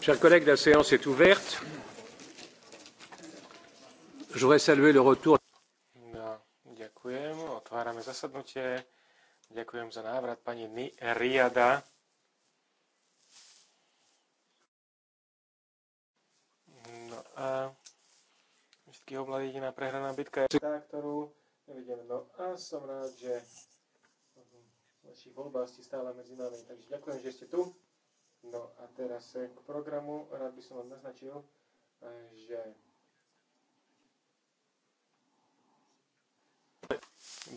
Chers collègues, la séance est ouverte. Je voudrais saluer le retour. No, ďakujem. Otvárame zasadnutie. Ďakujem za návrat pani Riada. No a všetkých obľad jediná prehraná bitka je tá, ktorú nevidím. No a som rád, že v našich ste stále medzi nami. Takže ďakujem, že ste tu. No a teraz eh, k programu rád by som vám naznačil, eh, že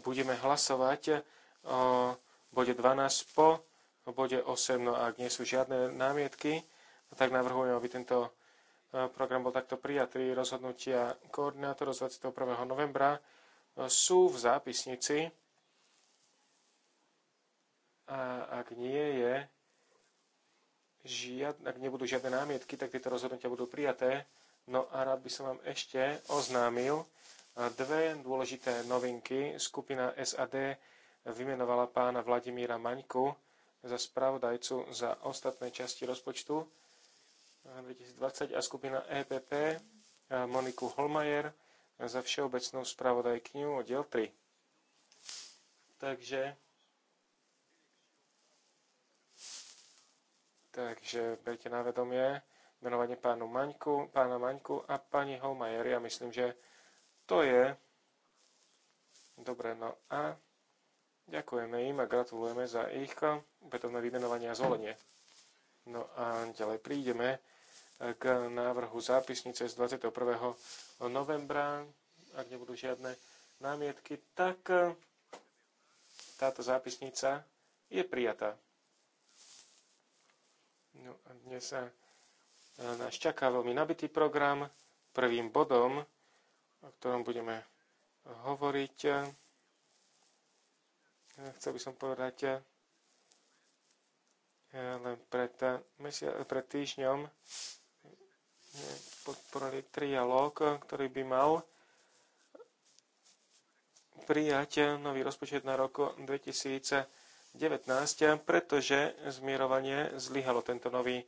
budeme hlasovať eh, o bode 12 po bode 8. No a ak nie sú žiadne námietky, tak navrhujem, aby tento program bol takto prijatý. Rozhodnutia koordinátorov z 21. novembra sú v zápisnici. A ak nie je, žiad, ak nebudú žiadne námietky, tak tieto rozhodnutia budú prijaté. No a rád by som vám ešte oznámil eh, dve dôležité novinky. Skupina SAD vymenovala pána Vladimíra Maňku za spravodajcu za ostatné časti rozpočtu 2020 eh, a skupina EPP eh, Moniku Holmajer za všeobecnú spravodajkňu diel 3. Takže Takže berte na vedomie menovanie pánu Maňku, pána Maňku a pani Holmajeri Ja myslím, že to je dobre. No a ďakujeme im a gratulujeme za ich opätovné vymenovanie a zvolenie. No a ďalej prídeme k návrhu zápisnice z 21. novembra. Ak nebudú žiadne námietky, tak táto zápisnica je prijatá. No a dnes sa e, nás čaká veľmi nabitý program. Prvým bodom, o ktorom budeme hovoriť, e, e, chcel by som povedať, len pred, pred týždňom podporili trialóg, ktorý by mal prijať nový rozpočet na rok 2020 19, pretože zmierovanie zlyhalo. Tento nový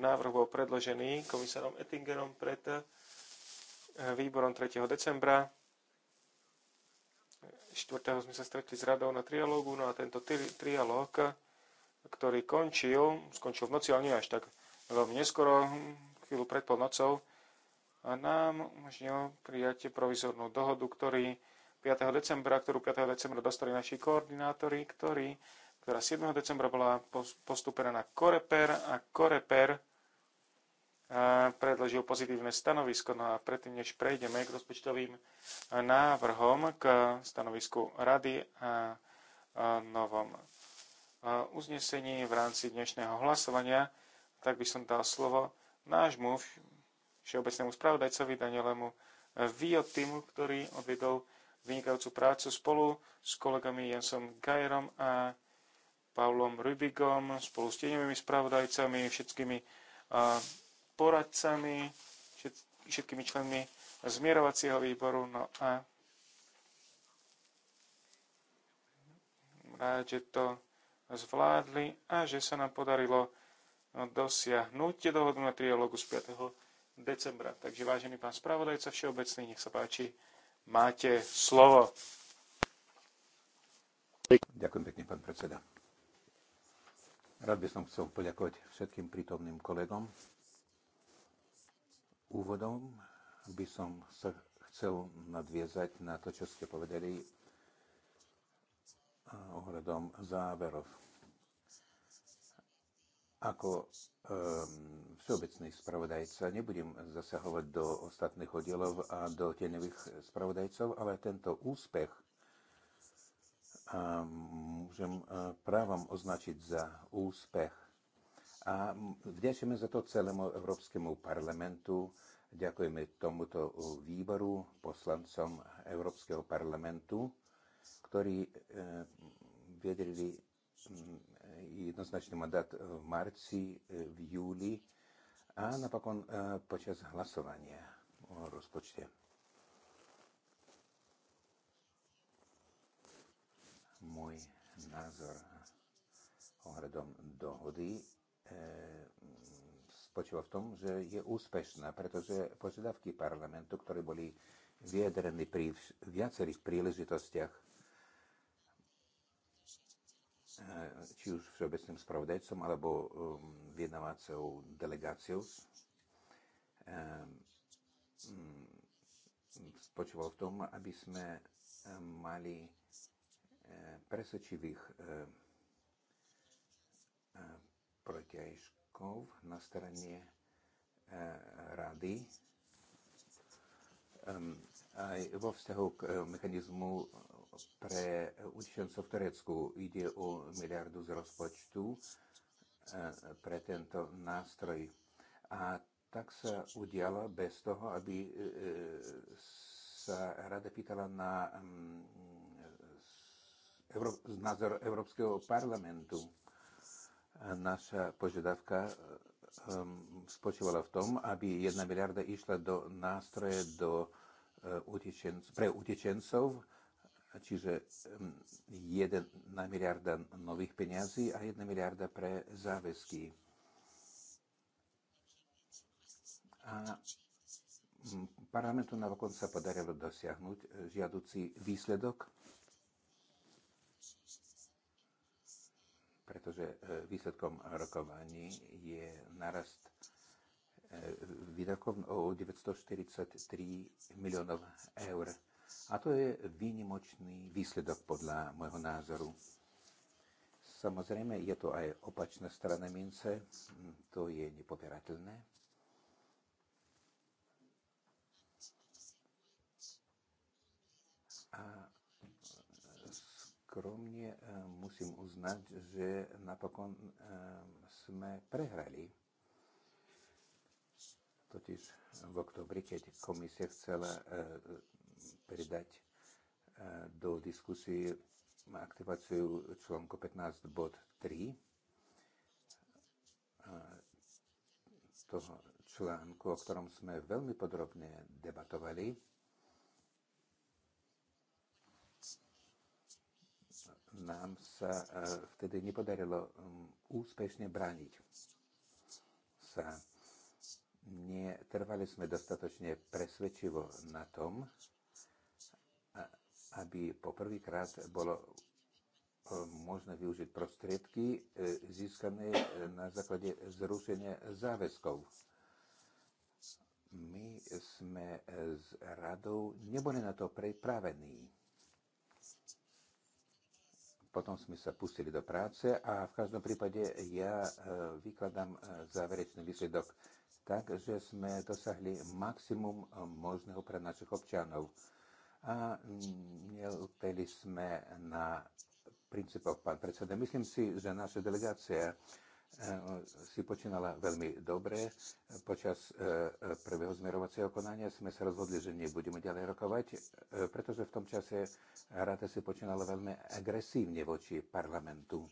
návrh bol predložený komisárom Ettingerom pred eh, výborom 3. decembra. 4. sme sa stretli s radou na trialógu, no a tento tri trialóg, ktorý končil, skončil v noci, ale nie až tak veľmi neskoro, chvíľu pred polnocou, a nám umožnil prijať provizornú dohodu, ktorý 5. decembra, ktorú 5. decembra dostali naši koordinátori, ktorí ktorá 7. decembra bola postúpená na Koreper a Koreper e, predložil pozitívne stanovisko. No a predtým, než prejdeme k rozpočtovým návrhom k stanovisku rady a novom e, uznesení v rámci dnešného hlasovania, tak by som dal slovo nášmu všeobecnému spravodajcovi Danielemu Viotimu, ktorý odvedol vynikajúcu prácu spolu s kolegami Jensom Gajerom a Pavlom Rybigom, spolu s tieňovými spravodajcami, všetkými poradcami, všetkými členmi zmierovacieho výboru. No a rád, že to zvládli a že sa nám podarilo no, dosiahnuť dohodu na trialogu z 5. decembra. Takže vážený pán spravodajca všeobecný, nech sa páči, máte slovo. Ďakujem pekne, pán predseda. Rád by som chcel poďakovať všetkým prítomným kolegom. Úvodom by som sa chcel nadviezať na to, čo ste povedali eh, ohľadom záverov. Ako um, všeobecný spravodajca nebudem zasahovať do ostatných oddielov a do tieňových spravodajcov, ale tento úspech môžem e, právom označiť za úspech. A vďačíme za to celému Európskemu parlamentu, ďakujeme tomuto výboru, poslancom Európskeho parlamentu, ktorí e, vedeli mm, jednoznačný mandát v marci, e, v júli a napokon počas hlasovania o rozpočte. môj názor ohľadom dohody e, spočíva v tom, že je úspešná, pretože požiadavky parlamentu, ktoré boli vyjadrené pri viacerých príležitostiach, e, či už všeobecným spravodajcom alebo um, vyjednávacou delegáciou, e, mm, spočíval v tom, aby sme mali presvedčivých eh, eh, protiažkov na strane eh, rady ehm, aj vo vzťahu k mechanizmu pre utečencov v Turecku. Ide o miliardu z rozpočtu pre tento nástroj. A tak sa udialo bez toho, aby sa rada pýtala na mm, Euró- názor Európskeho parlamentu. Naša požiadavka ehm, spočívala v tom, aby jedna miliarda išla do nástroje do, e, utečen- pre utečencov, čiže ehm, jedna miliarda nových peniazí a jedna miliarda pre záväzky. A mm, parlamentu napokon sa podarilo dosiahnuť e, žiaduci výsledok pretože e, výsledkom rokovaní je narast e, výdavkov o 943 miliónov eur. A to je výnimočný výsledok podľa môjho názoru. Samozrejme, je to aj opačná strana mince, to je nepopierateľné. skromne eh, musím uznať, že napokon eh, sme prehrali. Totiž v oktobri, keď komisia chcela eh, pridať do diskusie aktiváciu článku 15 bod 3 toho článku, o ktorom sme veľmi podrobne debatovali, nám sa e, vtedy nepodarilo um, úspešne brániť sa. Netrvali sme dostatočne presvedčivo na tom, aby poprvýkrát bolo e, možné využiť prostriedky e, získané na základe zrušenia záväzkov. My sme s radou neboli na to pripravení. Potom sme sa pustili do práce a v každom prípade ja e, vykladám e, záverečný výsledok tak, že sme dosahli maximum e, možného pre našich občanov. A neopeli sme na princípoch, pán predseda. Myslím si, že naša delegácia Eh, si počínala veľmi dobre. Počas eh, eh, prvého zmerovacieho konania sme sa rozhodli, že nebudeme ďalej rokovať, pretože v tom čase rada si počínala veľmi agresívne voči parlamentu.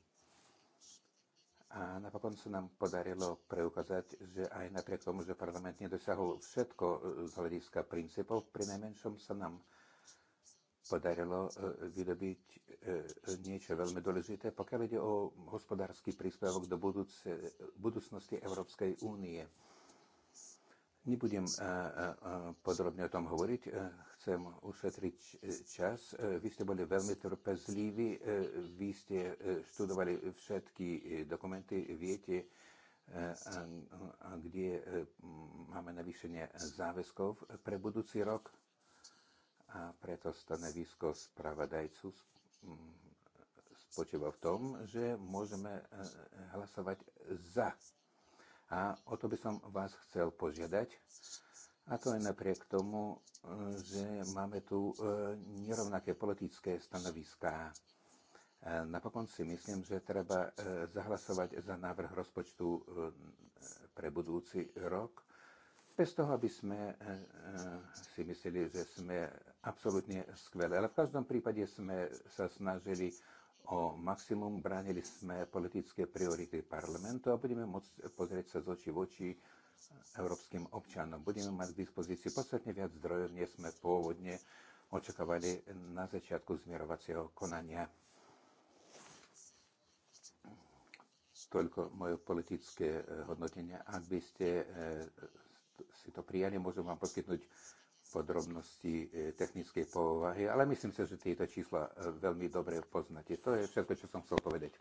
A napokon sa nám podarilo preukázať, že aj napriek tomu, že parlament nedosiahol všetko z hľadiska princípov, pri najmenšom sa nám podarilo e, vydobiť e, e, niečo veľmi dôležité, pokiaľ ide o hospodársky príspevok do budúce, budúcnosti Európskej únie. Nebudem podrobne o tom hovoriť, chcem ušetriť čas. Vy ste boli veľmi trpezliví, vy ste študovali všetky dokumenty, viete, kde máme navýšenie záväzkov pre budúci rok a preto stanovisko spravodajcu spočíva v tom, že môžeme e, hlasovať za. A o to by som vás chcel požiadať. A to aj napriek tomu, e, že máme tu e, nerovnaké politické stanoviská. Napokon si myslím, že treba zahlasovať za návrh rozpočtu pre budúci rok bez toho, aby sme e, e, si mysleli, že sme absolútne skvelé. Ale v každom prípade sme sa snažili o maximum, bránili sme politické priority parlamentu a budeme môcť pozrieť sa z očí v oči európskym občanom. Budeme mať k dispozícii podstatne viac zdrojov, než sme pôvodne očakávali na začiatku zmierovacieho konania. Toľko moje politické e, hodnotenie. Ak by ste si to prijali, môžem vám poskytnúť podrobnosti e, technickej povahy, ale myslím si, že tieto čísla e, veľmi dobre poznáte. To je všetko, čo som chcel povedať.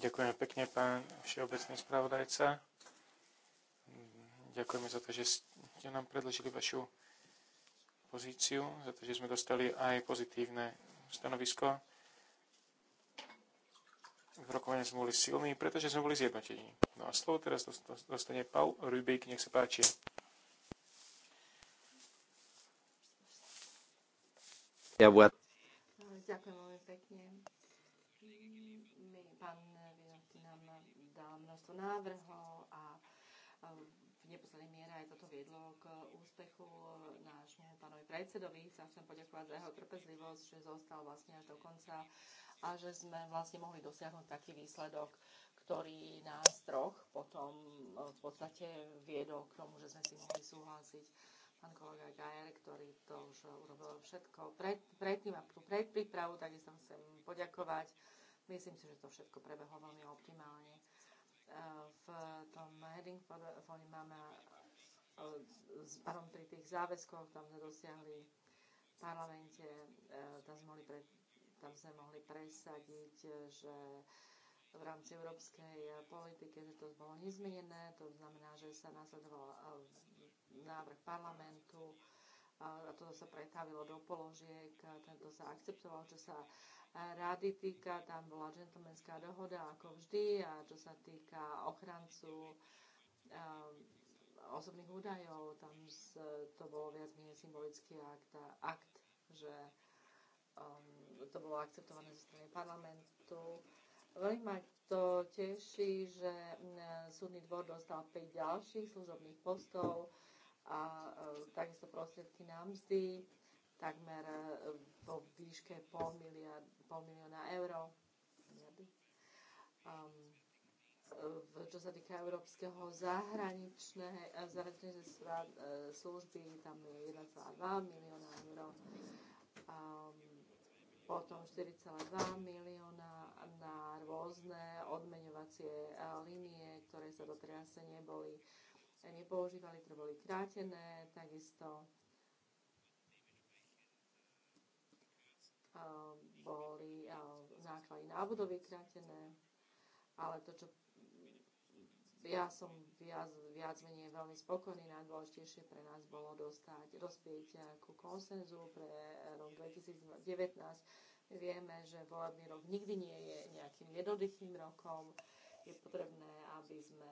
Ďakujem pekne, pán všeobecný spravodajca. Ďakujeme za to, že ste nám predložili vašu pozíciu, za to, že sme dostali aj pozitívne stanovisko v rokovaní sme boli silní, pretože sme boli zjednotení. No a slovo teraz dostane Paul Rubik, nech sa páči. Ja bude... Ďakujem veľmi pekne. My, pán Vinoty nám dal množstvo návrhov a v neposlednej miere aj toto viedlo k úspechu nášmu pánovi predsedovi. Sa chcem poďakovať za jeho trpezlivosť, že zostal vlastne až do konca a že sme vlastne mohli dosiahnuť taký výsledok, ktorý nás troch potom e, v podstate viedol k tomu, že sme si mohli súhlasiť. Pán kolega Gajer, ktorý to už urobil všetko pred, predtým a tú predprípravu, takisto chcem poďakovať. Myslím si, že to všetko prebehlo veľmi optimálne. E, v tom heading máme e, pánom pri tých záväzkoch, tam sme dosiahli v parlamente, tam sme mohli pre, tam sme mohli presadiť, eh, že v rámci európskej eh, politiky, že to bolo nezmenené, to znamená, že sa nasledoval eh, návrh parlamentu a toto sa pretavilo do položiek, tento sa akceptoval, čo sa rady týka, tam bola džentlmenská dohoda ako vždy a čo sa týka ochrancu osobných údajov, tam to bolo viac menej symbolický akt, akt že um, to bolo akceptované zo strany parlamentu. Veľmi ma to teší, že súdny dvor dostal 5 ďalších služobných postov a e, takisto prostriedky na mzdy takmer e, vo výške pol, miliard, pol milióna eur. Um, čo sa týka európskeho zahraničnej služby, tam je 1,2 milióna eur. Um, potom 4,2 milióna na rôzne odmeňovacie eh, línie, ktoré sa doteraz neboli, eh, nepoužívali, ktoré boli krátené, takisto eh, boli náklady na budovy krátené, ale to, čo ja som viac, viac menej veľmi spokojný. Najdôležitejšie pre nás bolo dostať, dospieť ku konsenzu pre rok 2019. Vieme, že volebný rok nikdy nie je nejakým jednoduchým rokom. Je potrebné, aby sme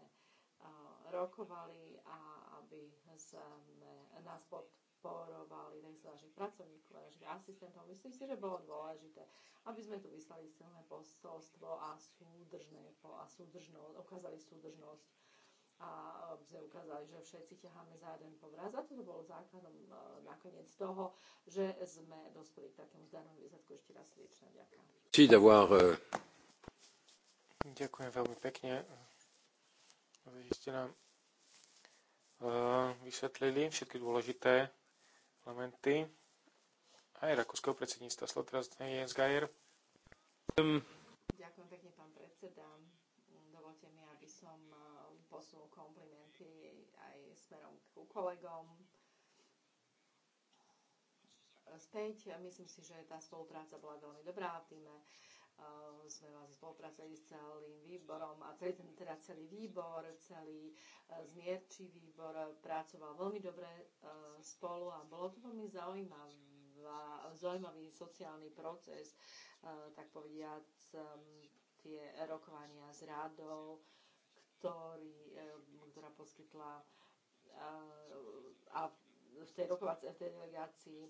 rokovali a aby sme nás pod podporovali takisto našich pracovníkov, našich asistentov. Myslím si, že bolo dôležité, aby sme tu vyslali silné posolstvo a, súdržné, a súdržnosť, ukázali súdržnosť a e, sme ukázali, že všetci ťaháme za jeden povraz. A toto bolo základom e, nakoniec toho, že sme dospeli k takému zdarnému výsledku. Ešte raz srdečná ďaká. E, Ďakujem veľmi pekne. Vy ste nám vysvetlili všetky dôležité parlamenty, aj rakúskeho predsedníctva. Slotras teraz Jens Geier. Um. Ďakujem pekne, pán predseda. Dovolte mi, aby som eh, posunul komplimenty aj smerom ku kolegom. Späť, myslím si, že tá spolupráca bola veľmi dobrá v týme eh, Ehm, sme vás vlastne spolupracovali s celým výborom a celý ten, teda celý výbor, celý e, zmierčí výbor e, pracoval veľmi dobre e, spolu a bolo to veľmi zaujímavé, zaujímavý sociálny proces, tak povediac ehm, tie rokovania s radou, ktorý, ktorá poskytla a v tej rokovacej v tej delegácii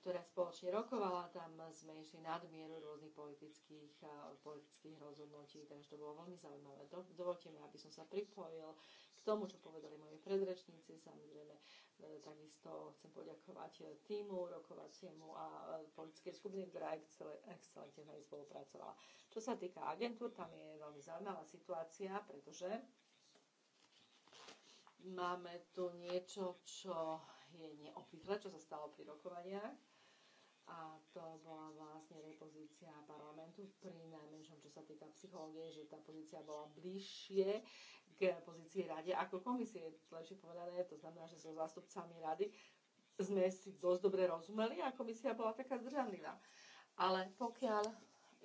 ktorá spoločne rokovala. Tam sme išli nadmieru rôznych politických, politických rozhodnutí, takže to bolo veľmi zaujímavé. Do, dovolte mi, aby som sa pripojil k tomu, čo povedali moje predrečníci. Samozrejme, e, takisto chcem poďakovať týmu, rokovaciemu a e, politickej skupiny, ktorá excelentne s nami spolupracovala. Čo sa týka agentúr, tam je veľmi zaujímavá situácia, pretože máme tu niečo, čo je neobvyklé, čo sa stalo pri rokovaniach. A to bola vlastne pozícia parlamentu, pri najmenšom, čo sa týka psychológie, že tá pozícia bola bližšie k pozícii rade ako komisie, lepšie povedané. To znamená, že so zástupcami rady sme si dosť dobre rozumeli a komisia bola taká zdržanlivá. Ale pokiaľ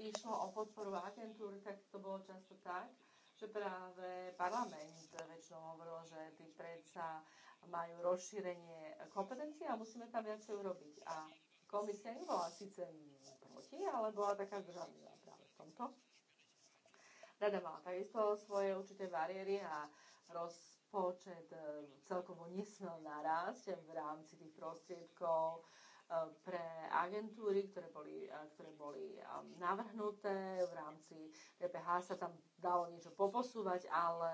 išlo o podporu agentúr, tak to bolo často tak, že práve parlament väčšinou hovoril, že ty predsa majú rozšírenie kompetencií a musíme tam viacej urobiť. A komisia nebola síce proti, ale bola taká zdržanlivá práve v tomto. Rada mala takisto svoje určité bariéry a rozpočet e, celkovo nesmel narásť v rámci tých prostriedkov, Eh, pre agentúry, ktoré boli, eh, ktoré boli eh, navrhnuté. V rámci DPH sa tam dalo niečo poposúvať, ale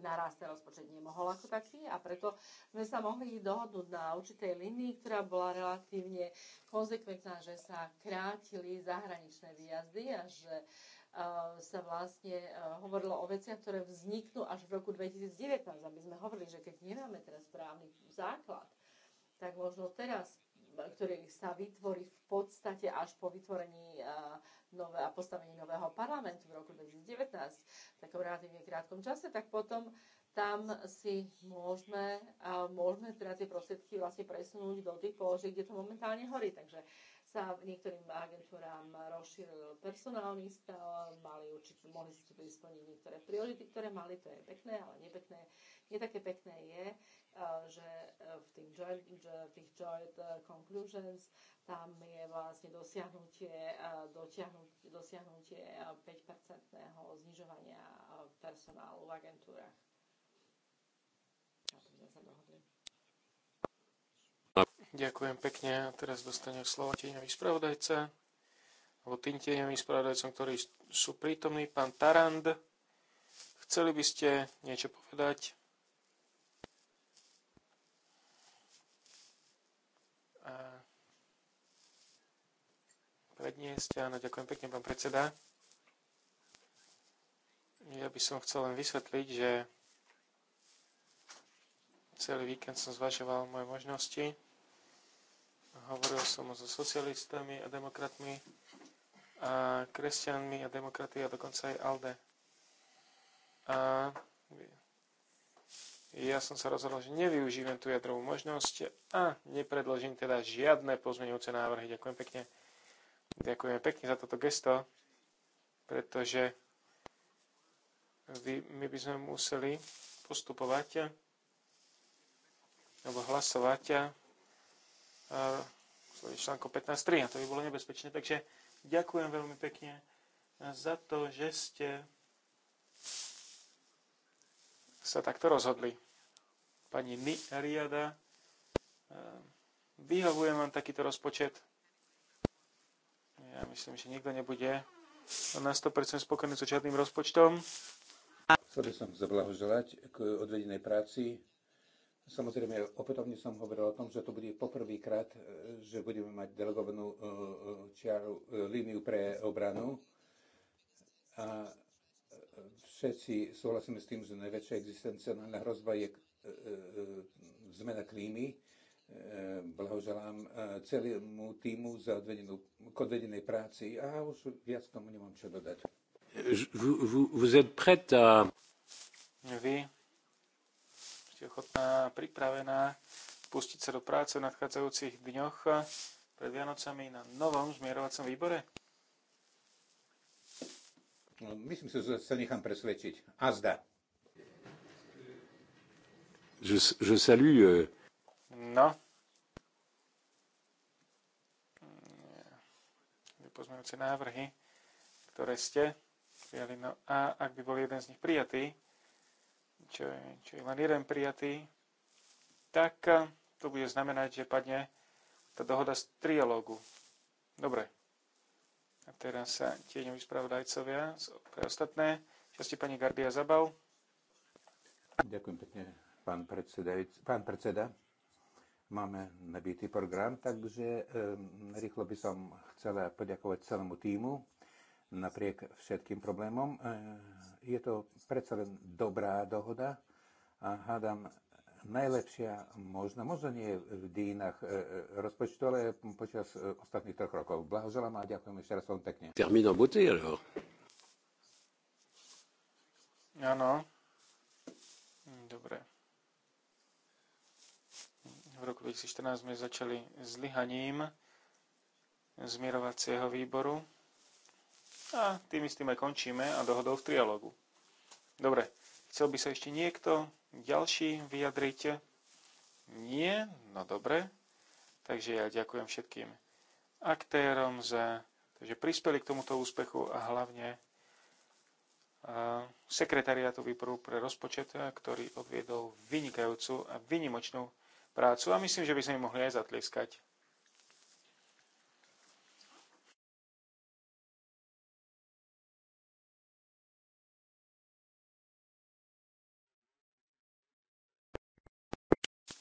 naraz ten rozpočet nemohol ako taký a preto sme sa mohli dohodnúť na určitej linii, ktorá bola relatívne konzekventná, že sa krátili zahraničné výjazdy a že sa vlastne hovorilo o veciach, ktoré vzniknú až v roku 2019, aby sme hovorili, že keď nemáme teraz právny základ, tak možno teraz ktorý sa vytvorí v podstate až po vytvorení eh, nové, a postavení nového parlamentu v roku 2019, v takom relatívne krátkom čase, tak potom tam si môžeme, môžeme teda tie prostriedky vlastne presunúť do tých položiek, kde to momentálne horí. Takže sa niektorým agentúram rozšíril personálny stav, mali určite, mohli si tu splniť niektoré priority, ktoré mali, to je pekné, ale nepekné, nie také pekné je, E, e, že v tých joint, v tých joint conclusions tam je vlastne dosiahnutie, e, dosiahnutie 5-percentného znižovania personálu v agentúrach. Ďakujem pekne. A teraz dostanem slovo tieňový spravodajca, alebo tým tieňovým spravodajcom, ktorí sú prítomní. Pán Tarand, chceli by ste niečo povedať? predniesť. Áno, ďakujem pekne, pán predseda. Ja by som chcel len vysvetliť, že celý víkend som zvažoval moje možnosti. Hovoril som so socialistami a demokratmi a kresťanmi a demokraty a dokonca aj ALDE. A ja som sa rozhodol, že nevyužijem tú jadrovú možnosť a nepredložím teda žiadne pozmeňujúce návrhy. Ďakujem pekne. Ďakujeme pekne za toto gesto, pretože my by sme museli postupovať alebo hlasovať článko 15.3 a to by bolo nebezpečné. Takže ďakujem veľmi pekne za to, že ste sa takto rozhodli. Pani Niriada, vyhovujem vám takýto rozpočet. Ja myslím, že nikto nebude na 100% spokojný so žiadnym rozpočtom. Chcel by som zablahoželať k odvedenej práci. Samozrejme, opätovne som hovoril o tom, že to bude poprvýkrát, e, že budeme mať delegovanú e, e, čiaru, líniu pre obranu. A všetci súhlasíme s tým, že najväčšia existenciálna hrozba je zmena klímy Eh, blahoželám eh, celému týmu za odvedenú, k odvedenej práci a už viac tomu nemám čo dodať. Eh, Vy ste ochotná, pripravená pustiť sa do práce v nadchádzajúcich dňoch pred Vianocami na novom zmierovacom výbore? No, myslím si, že sa nechám presvedčiť. Azda. Je, je salue No. Pozmejúce návrhy, ktoré ste prijali. No a ak by bol jeden z nich prijatý, čo je, čo je len jeden prijatý, tak eh, to bude znamenať, že padne tá dohoda z trialógu. Dobre. A teraz sa tieňoví spravodajcovia pre ostatné časti pani Gardia Zabal. Ďakujem pekne, pán, pán predseda. Máme nabitý program, takže rýchlo by som chcela poďakovať celému týmu napriek všetkým problémom. E, je to predsa len dobrá dohoda a hádam najlepšia možná, možno nie v e, e, rozpočtu, ale počas e, ostatných troch rokov. Blahoželám a ďakujem ešte raz veľmi pekne. Termino buty, Áno. Dobre. V roku 2014 sme začali zlyhaním zmierovacieho výboru a tým istým aj končíme a dohodou v trialógu. Dobre, chcel by sa ešte niekto ďalší vyjadriť? Nie? No dobre. Takže ja ďakujem všetkým aktérom za to, že prispeli k tomuto úspechu a hlavne e, sekretariátu výboru pre rozpočet, ktorý odviedol vynikajúcu a vynimočnú prácu a myslím, že by sme im mohli aj zatlieskať.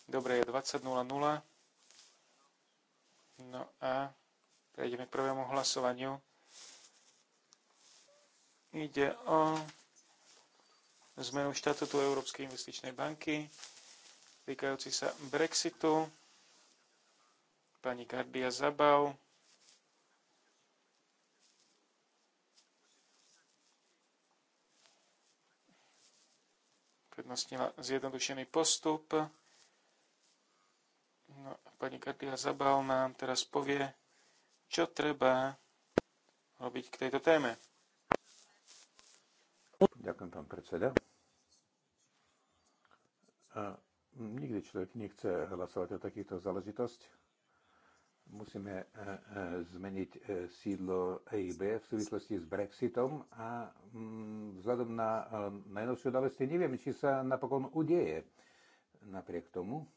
Dobre, je 20.00. No a prejdeme k prvému hlasovaniu. Ide o zmenu štatutu Európskej investičnej banky týkajúci sa Brexitu. Pani Gardia Zabal. Prednostnila zjednodušený postup. No, pani Gardia Zabal nám teraz povie, čo treba robiť k tejto téme. Ďakujem, pán predseda. Nikdy človek nechce hlasovať o takýchto záležitosť. Musíme eh, eh, zmeniť eh, sídlo EIB v súvislosti s Brexitom a mm, vzhľadom na najnovšie udalosti neviem, či sa napokon udeje. Napriek tomu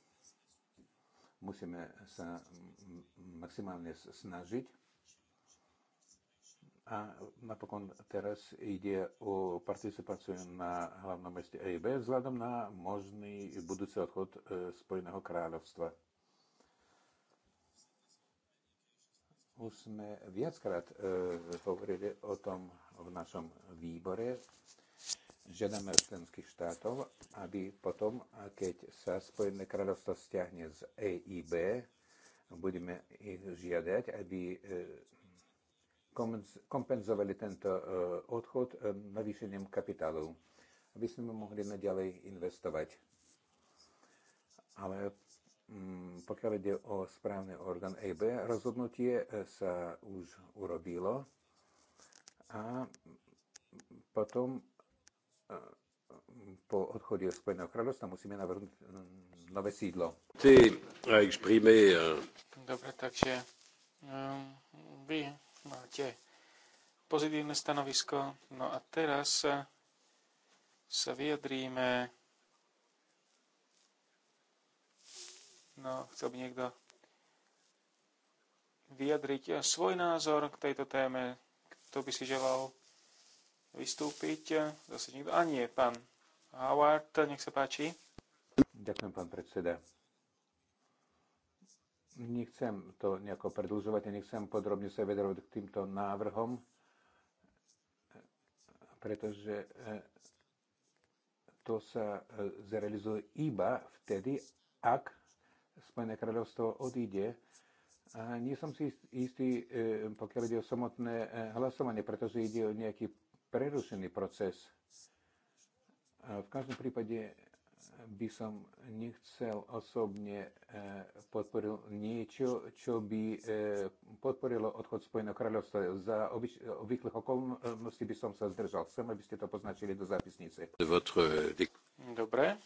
musíme sa mm, maximálne snažiť a napokon teraz ide o participáciu na hlavnom meste EIB vzhľadom na možný budúci odchod e, Spojeného kráľovstva. Už sme viackrát e, hovorili o tom v našom výbore. Žiadame členských štátov, aby potom, keď sa Spojené kráľovstvo stiahne z EIB, budeme ich žiadať, aby e, kompenzovali tento e, odchod e, navýšením kapitálu, aby sme mohli naďalej investovať. Ale mm, pokiaľ ide o správny orgán EIB, rozhodnutie e, sa už urobilo a potom po odchode z Spojeného kráľovstva musíme navrhnúť nové sídlo. Dobre, takže vy máte pozitívne stanovisko. No a teraz sa vyjadríme. No, chcel by niekto vyjadriť svoj názor k tejto téme. Kto by si želal vystúpiť? Zase niekto? A nie, pán Howard, nech sa páči. Ďakujem, pán predseda. Nechcem to nejako predlžovať a nechcem podrobne sa vedrovať k týmto návrhom, pretože eh, to sa eh, zrealizuje iba vtedy, ak Spojené kráľovstvo odíde. A nie som si istý, eh, pokiaľ ide o samotné hlasovanie, pretože ide o nejaký prerušený proces. A V každom prípade by som nechcel osobne e, podporil niečo, čo by e, podporilo odchod Spojeného kráľovstva. Za obvyklých okolností by som sa zdržal. Chcem, aby ste to poznačili do zápisnice. Dobre,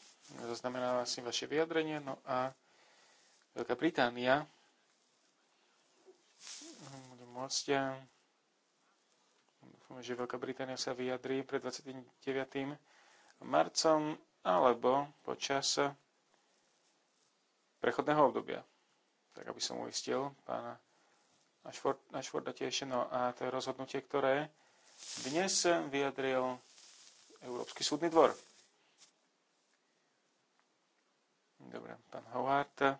zaznamenávam si vaše vyjadrenie. No a Veľká Británia bude môcť dúfam, že Veľká Británia sa vyjadrí pred 29. marcom alebo počas prechodného obdobia. Tak aby som uistil pána Ašforda tiež. No a to je rozhodnutie, ktoré dnes vyjadril Európsky súdny dvor. Dobre, pán Howard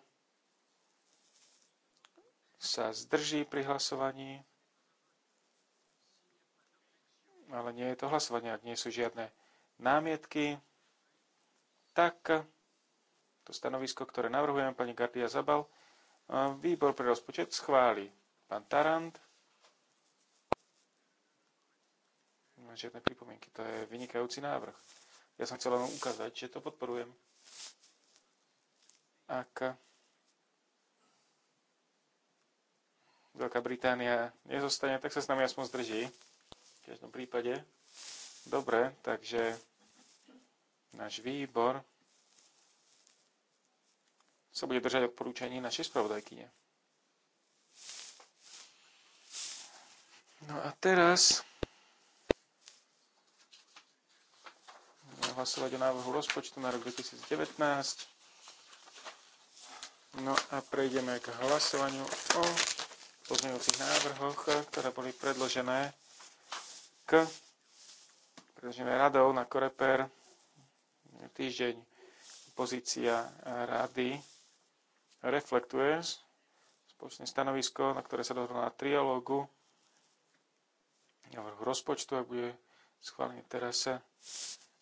sa zdrží pri hlasovaní, ale nie je to hlasovanie, ak nie sú žiadne námietky tak to stanovisko, ktoré navrhujem pani Gardia Zabal, výbor pre rozpočet schváli. Pán Tarant, nemám žiadne pripomienky, to je vynikajúci návrh. Ja som chcel len ukázať, že to podporujem. Ak Veľká Británia nezostane, tak sa s nami aspoň zdrží. V každom prípade. Dobre, takže Náš výbor sa bude držať odporúčaní našej spravodajkyne. No a teraz hlasovať o návrhu rozpočtu na rok 2019. No a prejdeme k hlasovaniu o pozmeňujúcich návrhoch, ktoré boli predložené k predložené radou na Koreper týždeň. Pozícia e, rady reflektuje spoločné stanovisko, na ktoré sa dohodlo na trialógu. návrhu rozpočtu, ak bude schválený teraz,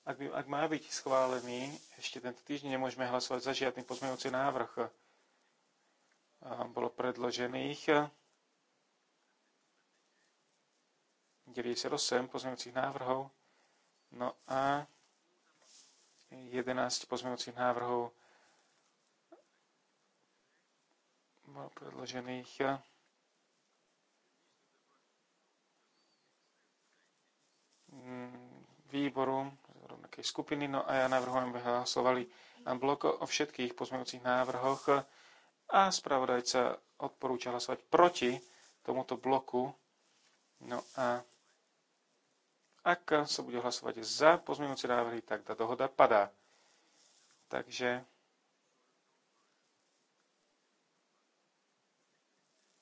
ak, by, ak má byť schválený ešte tento týždeň, nemôžeme hlasovať za žiadny pozmeňujúci návrh. Bolo predložených 98 pozmeňujúcich návrhov. No a 11 pozmeňujúcich návrhov bolo predložených. Mm, výboru rovnakej skupiny. No a ja navrhujem, aby hlasovali na blok o všetkých pozmeňujúcich návrhoch a spravodajca odporúča hlasovať proti tomuto bloku. No a ak sa bude hlasovať za pozmeňujúce návrhy, tak tá dohoda padá. Takže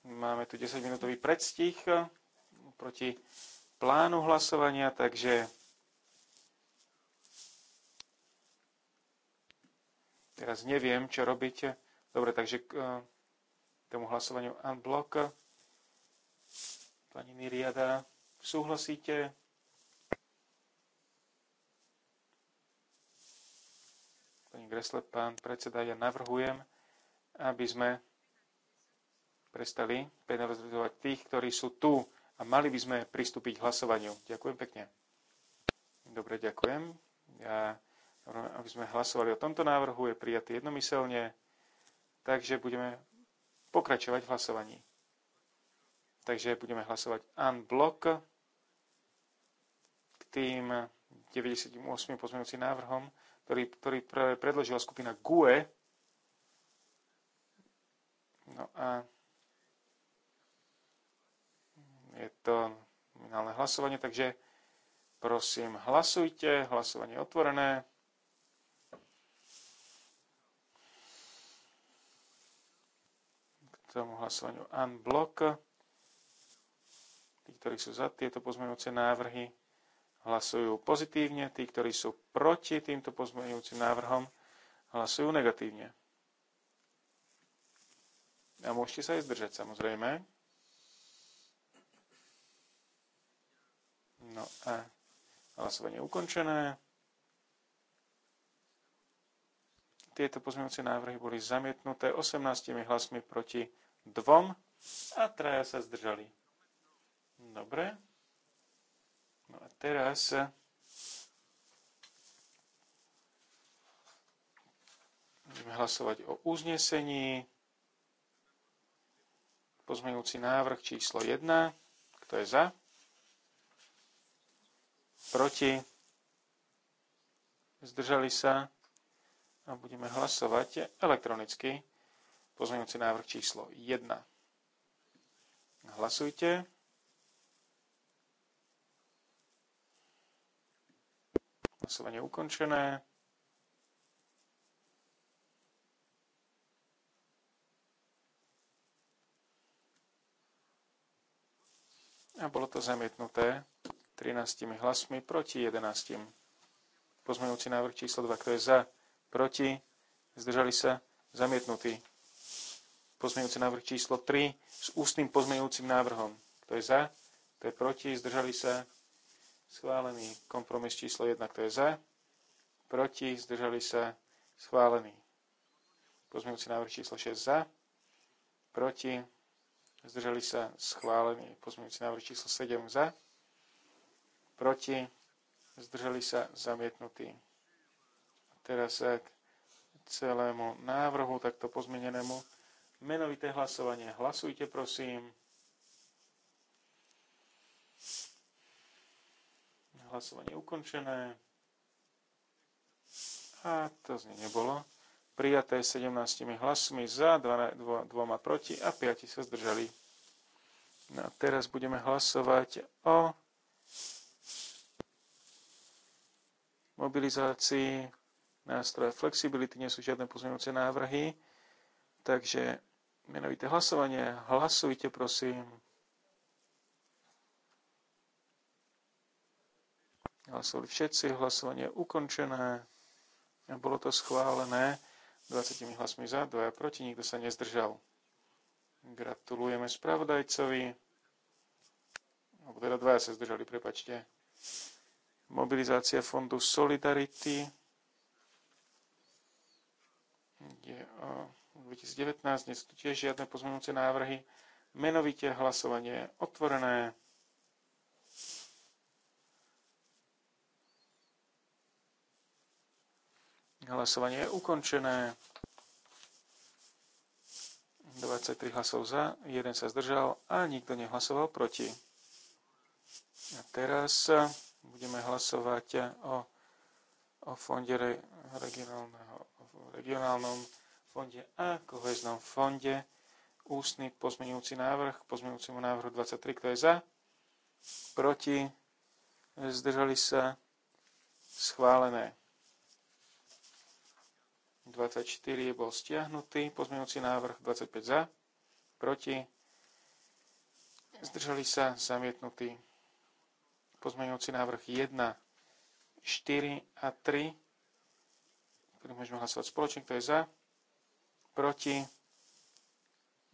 máme tu 10-minútový predstih proti plánu hlasovania, takže teraz neviem, čo robíte. Dobre, takže k eh, tomu hlasovaniu unblock. Pani Miriada, súhlasíte? kresle, pán predseda, ja navrhujem, aby sme prestali penalizovať tých, ktorí sú tu a mali by sme pristúpiť k hlasovaniu. Ďakujem pekne. Dobre, ďakujem. Ja, aby sme hlasovali o tomto návrhu, je prijatý jednomyselne, takže budeme pokračovať v hlasovaní. Takže budeme hlasovať unblock k tým 98 pozmeňujúcim návrhom ktorý, ktorý predložila skupina GUE. No a je to nominálne hlasovanie, takže prosím, hlasujte, hlasovanie je otvorené. K tomu hlasovaniu unblock. Tí, ktorí sú za tieto pozmeňujúce návrhy, hlasujú pozitívne, tí, ktorí sú proti týmto pozmeňujúcim návrhom, hlasujú negatívne. A môžete sa aj zdržať, samozrejme. No a hlasovanie ukončené. Tieto pozmeňujúce návrhy boli zamietnuté 18 hlasmi proti dvom a traja sa zdržali. Dobre. No a teraz budeme eh, hlasovať o uznesení. Pozmeňujúci návrh číslo 1. Kto je za? Proti? Zdržali sa? A budeme hlasovať elektronicky. Pozmeňujúci návrh číslo 1. Hlasujte. Hlasovanie ukončené. A bolo to zamietnuté 13 hlasmi proti 11. Pozmeňujúci návrh číslo 2. Kto je za? Proti? Zdržali sa? Zamietnutý. Pozmeňujúci návrh číslo 3 s ústnym pozmeňujúcim návrhom. Kto je za? Kto je proti? Zdržali sa? schválený. Kompromis číslo 1, to je za, proti, zdržali sa, schválený. Pozmeňujúci návrh číslo 6 za, proti, zdržali sa, schválený. Pozmeňujúci návrh číslo 7 za, proti, zdržali sa, zamietnutý. A teraz k celému návrhu, takto pozmenenému, menovité hlasovanie. Hlasujte, prosím. hlasovanie ukončené. A to z nej nebolo. Prijaté 17 hlasmi za, 2, 2, 2 proti a 5 sa zdržali. No a teraz budeme hlasovať o mobilizácii nástroja flexibility. Nie sú žiadne pozmeňujúce návrhy. Takže menovité hlasovanie. Hlasujte, prosím. Hlasovali všetci, hlasovanie je ukončené. A bolo to schválené 20 hlasmi za, 2 proti, nikto sa nezdržal. Gratulujeme spravodajcovi. Alebo teda dvaja sa zdržali, prepačte. Mobilizácia fondu Solidarity je o 2019, dnes tu tiež žiadne pozmenujúce návrhy. Menovite hlasovanie je otvorené. Hlasovanie je ukončené. 23 hlasov za, 1 sa zdržal a nikto nehlasoval proti. A teraz budeme hlasovať o, o fonde re, regionálnom fonde a koheznom fonde. Ústny pozmenujúci návrh k pozmenujúcemu návrhu 23, kto je za, proti, zdržali sa, schválené. 24 bol stiahnutý, pozmeňujúci návrh 25 za, proti, zdržali sa, zamietnutý. Pozmeňujúci návrh 1, 4 a 3, ktorý môžeme hlasovať spoločne, kto je za, proti,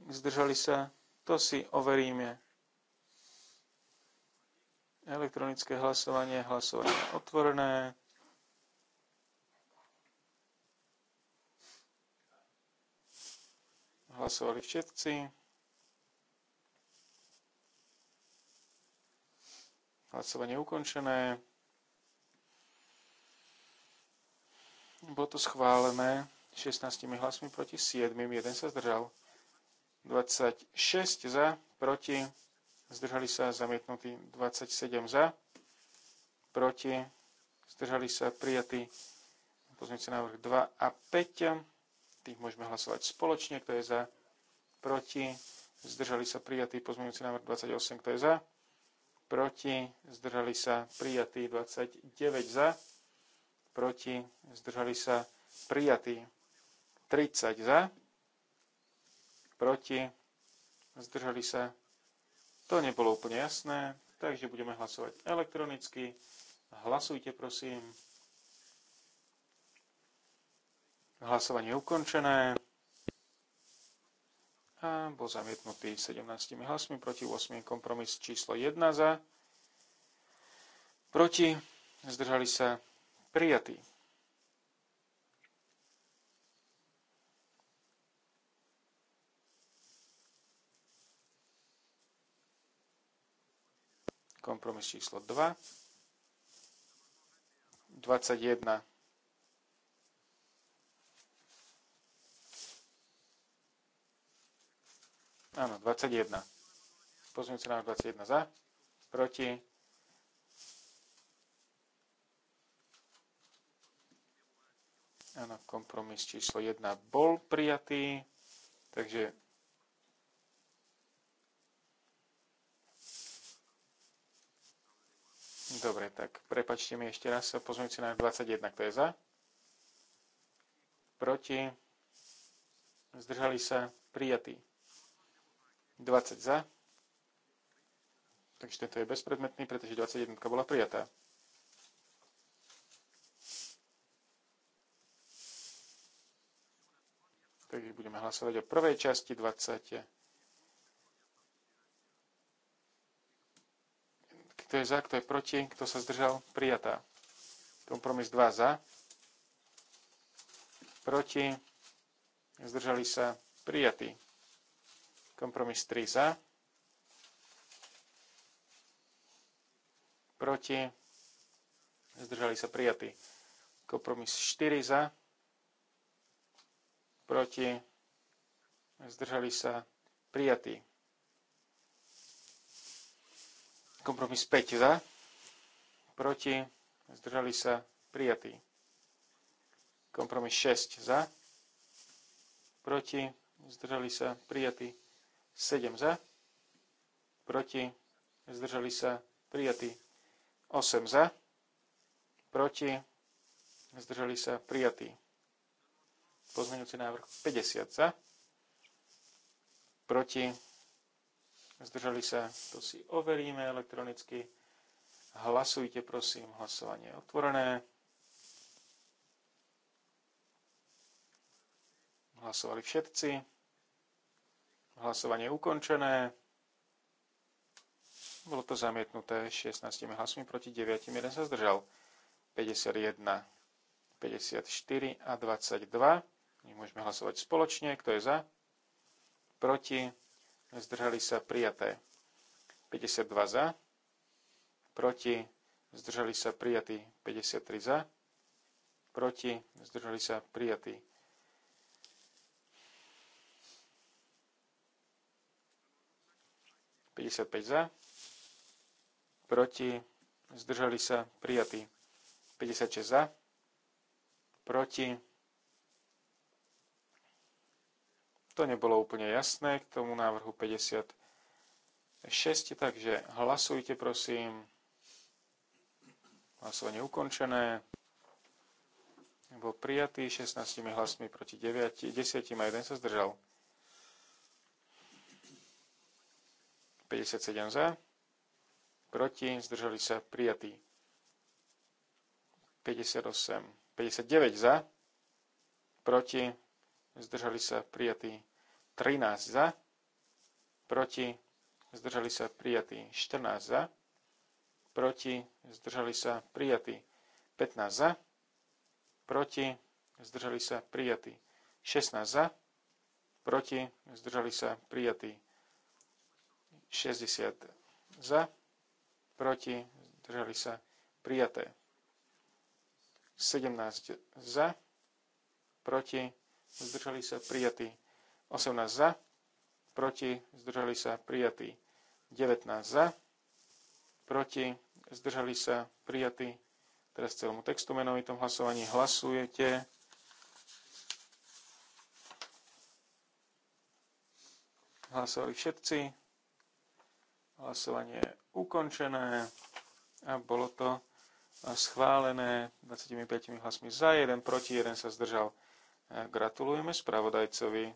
zdržali sa, to si overíme. Elektronické hlasovanie, hlasovanie otvorené. Hlasovali všetci. Hlasovanie ukončené. Bolo to schválené 16 hlasmi proti 7, jeden sa zdržal. 26 za, proti, zdržali sa zamietnutí 27 za, proti, zdržali sa prijatí pozmeňujúci návrh 2 a 5 tých môžeme hlasovať spoločne. Kto je za? Proti? Zdržali sa prijatý pozmeňujúci návrh 28. Kto je za? Proti? Zdržali sa prijatý 29 za. Proti? Zdržali sa prijatý 30 za. Proti? Zdržali sa. To nebolo úplne jasné, takže budeme hlasovať elektronicky. Hlasujte prosím. Hlasovanie ukončené. A bol zamietnutý 17 hlasmi proti 8 kompromis číslo 1 za. Proti zdržali sa prijatí. kompromis číslo 2, 21 Áno, 21. sa na 21 za, proti. Áno, kompromis číslo 1 bol prijatý, takže Dobre, tak prepačte mi ešte raz pozmeňujúci na 21, kto je za? Proti? Zdržali sa? Prijatý. 20 za. Takže tento je bezpredmetný, pretože 21 bola prijatá. Takže budeme hlasovať o prvej časti 20. Kto je za, kto je proti, kto sa zdržal, prijatá. Kompromis 2 za, proti, zdržali sa, prijatý. Kompromis 3 za. Proti. Zdržali sa prijatí. Kompromis 4 za. Proti. Zdržali sa prijatí. Kompromis 5 za. Proti. Zdržali sa prijatí. Kompromis 6 za. Proti. Zdržali sa prijatí 7 za, proti, zdržali sa prijatí 8 za, proti, zdržali sa prijatí. Pozmeňujúci návrh 50 za, proti, zdržali sa, to si overíme elektronicky. Hlasujte prosím, hlasovanie je otvorené. Hlasovali všetci. Hlasovanie je ukončené. Bolo to zamietnuté 16 hlasmi proti 9, jeden sa zdržal. 51, 54 a 22. My môžeme hlasovať spoločne. Kto je za? Proti? Zdržali sa prijaté. 52 za. Proti? Zdržali sa prijatí 53 za. Proti? Zdržali sa prijatí 55 za, proti, zdržali sa, prijatí. 56 za, proti. To nebolo úplne jasné k tomu návrhu 56, takže hlasujte prosím. Hlasovanie ukončené. Bol prijatý 16 hlasmi proti 9, 10 a 1 sa zdržal. 57 za, proti, zdržali sa prijatí. 58, 59 za, proti, zdržali sa prijatí. 13 za, proti, zdržali sa prijatí. 14 za, proti, zdržali sa prijatí. 15 za, proti, zdržali sa prijatí. 16 za, proti, zdržali sa prijatí. 60 za, proti, zdržali sa prijaté. 17 za, proti, zdržali sa prijatí. 18 za, proti, zdržali sa prijatí. 19 za, proti, zdržali sa prijatí. Teraz celému textu menovitom hlasovaní hlasujete. Hlasovali všetci. Hlasovanie je ukončené a bolo to schválené 25 hlasmi za, 1 proti, 1 sa zdržal. Gratulujeme spravodajcovi.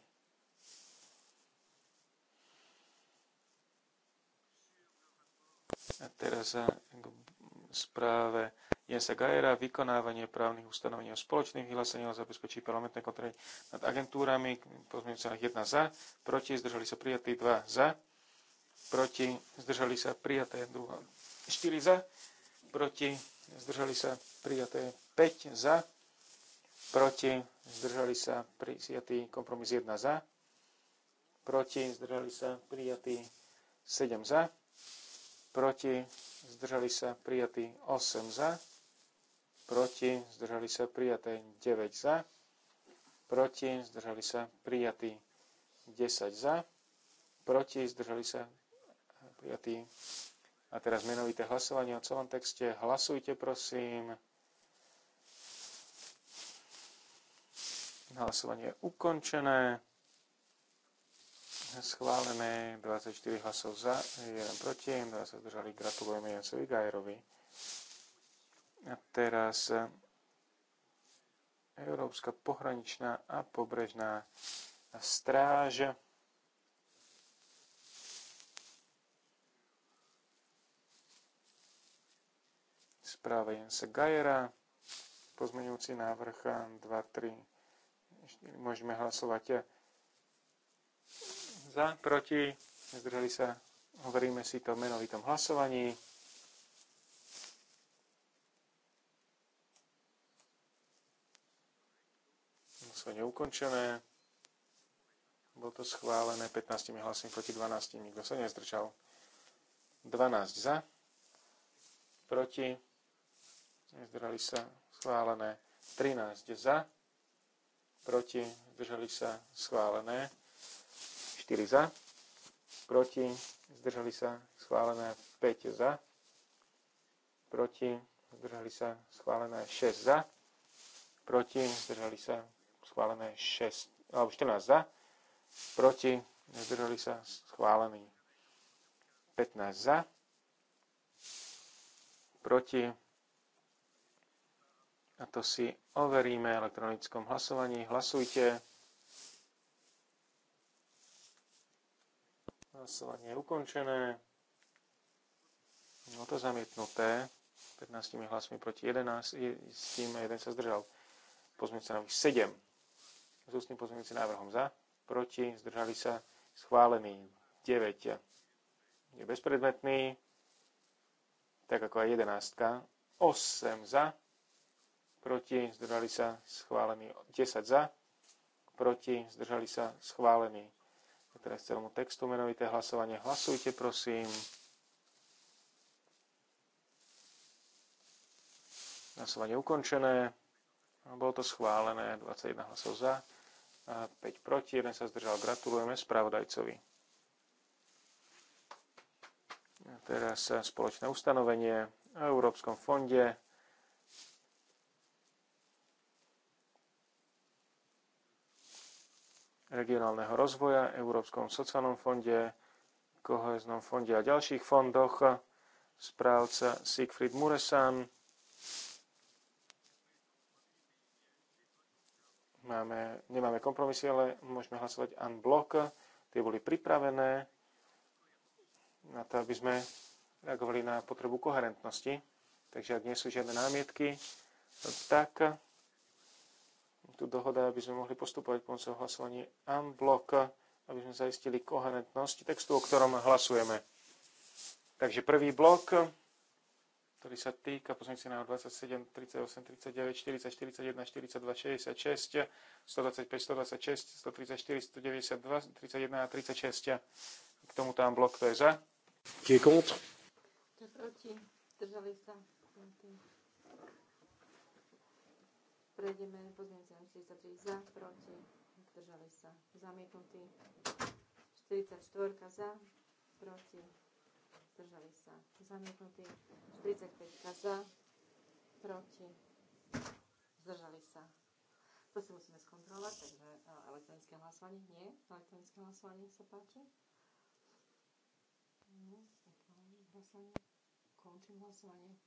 A teraz k správe Jensa Gajera vykonávanie právnych ustanovení o spoločných vyhlásení o zabezpečí parlamentné kontroly nad agentúrami, pozmeňujúce 1 za, proti, zdržali sa prijatí 2 za proti, zdržali sa prijaté, 2. 4 za, proti, zdržali sa prijaté 5 za, proti, zdržali sa prijatý kompromis 1 za, proti, zdržali sa prijatý 7 za, proti, zdržali sa prijatý 8 za, proti, zdržali sa prijaté 9 za, proti, zdržali sa prijatý 10 za, proti, zdržali sa prijatý. A teraz menovité hlasovanie o celom texte. Hlasujte, prosím. Hlasovanie je ukončené. Schválené 24 hlasov za, 1 proti, 2 sa zdržali. Gratulujeme Jancovi Gajerovi. A teraz e, Európska pohraničná a pobrežná stráž. správa Jensa Gajera, pozmeňujúci návrh 2, 3, 4. Môžeme hlasovať eh. za, proti, zdržali sa, hovoríme si to v menovitom hlasovaní. Hlasovanie ukončené. Bolo to schválené 15 hlasmi proti 12, nikto sa nezdržal. 12 za, proti, zdržali sa schválené 13 za, proti, zdržali sa schválené 4 za, proti, zdržali sa schválené 5 za, proti, zdržali sa schválené 6 za, proti, zdržali sa schválené 6, alebo 14 za, proti, zdržali sa schválený 15 za, proti, a to si overíme v elektronickom hlasovaní. Hlasujte. Hlasovanie je ukončené. No to zamietnuté. 15 hlasmi proti 11, s tým jeden sa zdržal. Pozmeňujúci návrh 7. S ústnym pozmeňujúcim návrhom za, proti, zdržali sa, schválený 9. Je bezpredmetný, tak ako aj 11. 8 za, proti, zdržali sa schválení 10 za, proti, zdržali sa schválení. A teraz celému textu menovité hlasovanie. Hlasujte, prosím. Hlasovanie ukončené. Bolo to schválené. 21 hlasov za, a 5 proti, 1 sa zdržal. Gratulujeme spravodajcovi. A teraz eh, spoločné ustanovenie o Európskom fonde regionálneho rozvoja, Európskom sociálnom fonde, koheznom fonde a ďalších fondoch, správca Siegfried Muresan. Máme, nemáme kompromisy, ale môžeme hlasovať unblock. Tie boli pripravené na to, aby sme reagovali na potrebu koherentnosti. Takže ak nie sú žiadne námietky, tak tu dohoda, aby sme mohli postupovať pomocou hlasovaní unblock, aby sme zaistili koherentnosť textu, o ktorom hlasujeme. Takže prvý blok, ktorý sa týka pozmeňujúci návrh 27, 38, 39, 40, 41, 42, 66, 125, 126, 134, 192, 31 a 36. K tomu tam blok, kto je za. Qui est contre? Kto je proti? Držali sa. Prejdeme pozmeňujúci 43 za, proti, zdržali sa, zamietnutý. 44 za, proti, zdržali sa, zamietnutý. 45 za, proti, zdržali sa. To si musíme skontrolovať, takže e, elektronické hlasovanie, nie, elektronické hlasovanie sa páči. No, hlasovanie, končím hlasovanie.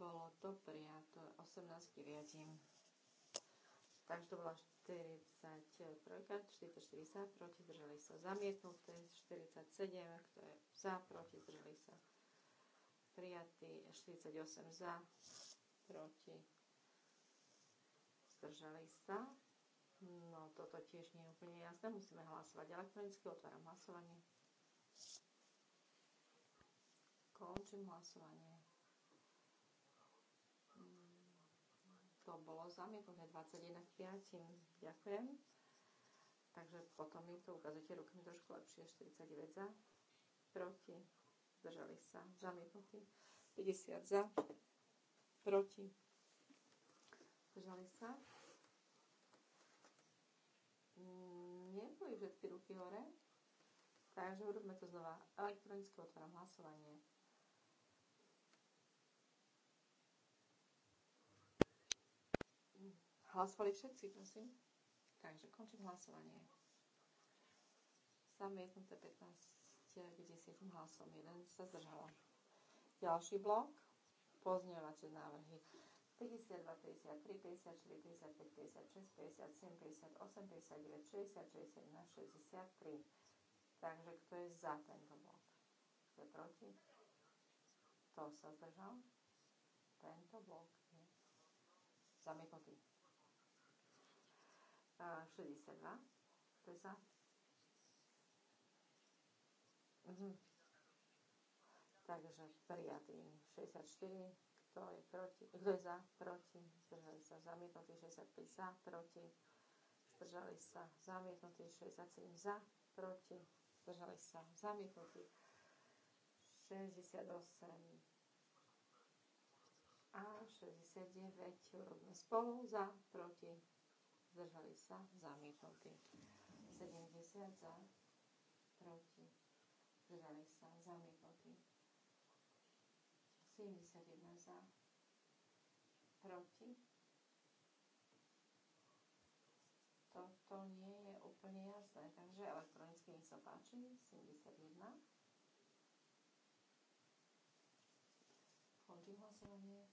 Bolo to prijaté 18 k Takže to bola 43, 44 za, proti zdržali sa zamietnuté, 47, kto je za, proti zdržali sa prijatý, 48 za, proti zdržali sa. No toto tiež nie je úplne jasné, musíme hlasovať elektronicky, otváram hlasovanie. Končím hlasovanie. to bolo zamietnuté 21 k 5. Ďakujem. Takže potom mi to ukazujete rukami trošku lepšie. 49 za, proti, zdržali sa, zamietnutí. 50 za, proti, zdržali sa. Mm, neboli všetky ruky hore. Takže urobme to znova. Elektronicky otváram hlasovanie. Hlasovali všetci, prosím. Takže končím hlasovanie. Zamietnuté 15 10 hlasom. Jeden sa zdržalo. Ďalší blok. Pozňovacie návrhy. 52, 53, 54, 55, 56, 57, 58, 59, 60, 61, 63. Takže kto je za tento blok? Kto je proti? Kto sa zdržal? Tento blok je zamietnutý. 62. To je za. Mhm. Takže prijatý 64. Kto je proti? Kto je za? Proti. Zdržali sa zamietnutí 65 za. Proti. Zdržali sa zamietnutí 67 za. Proti. Zdržali sa zamietnutí 68 a 69 robíme spolu za, proti, zdržali sa, zamietnutí. 70 za, proti, zdržali sa, zamietnutí. 71 za, proti. Toto nie je úplne jasné, takže elektronicky nech sa páči, 71. Končím hlasovanie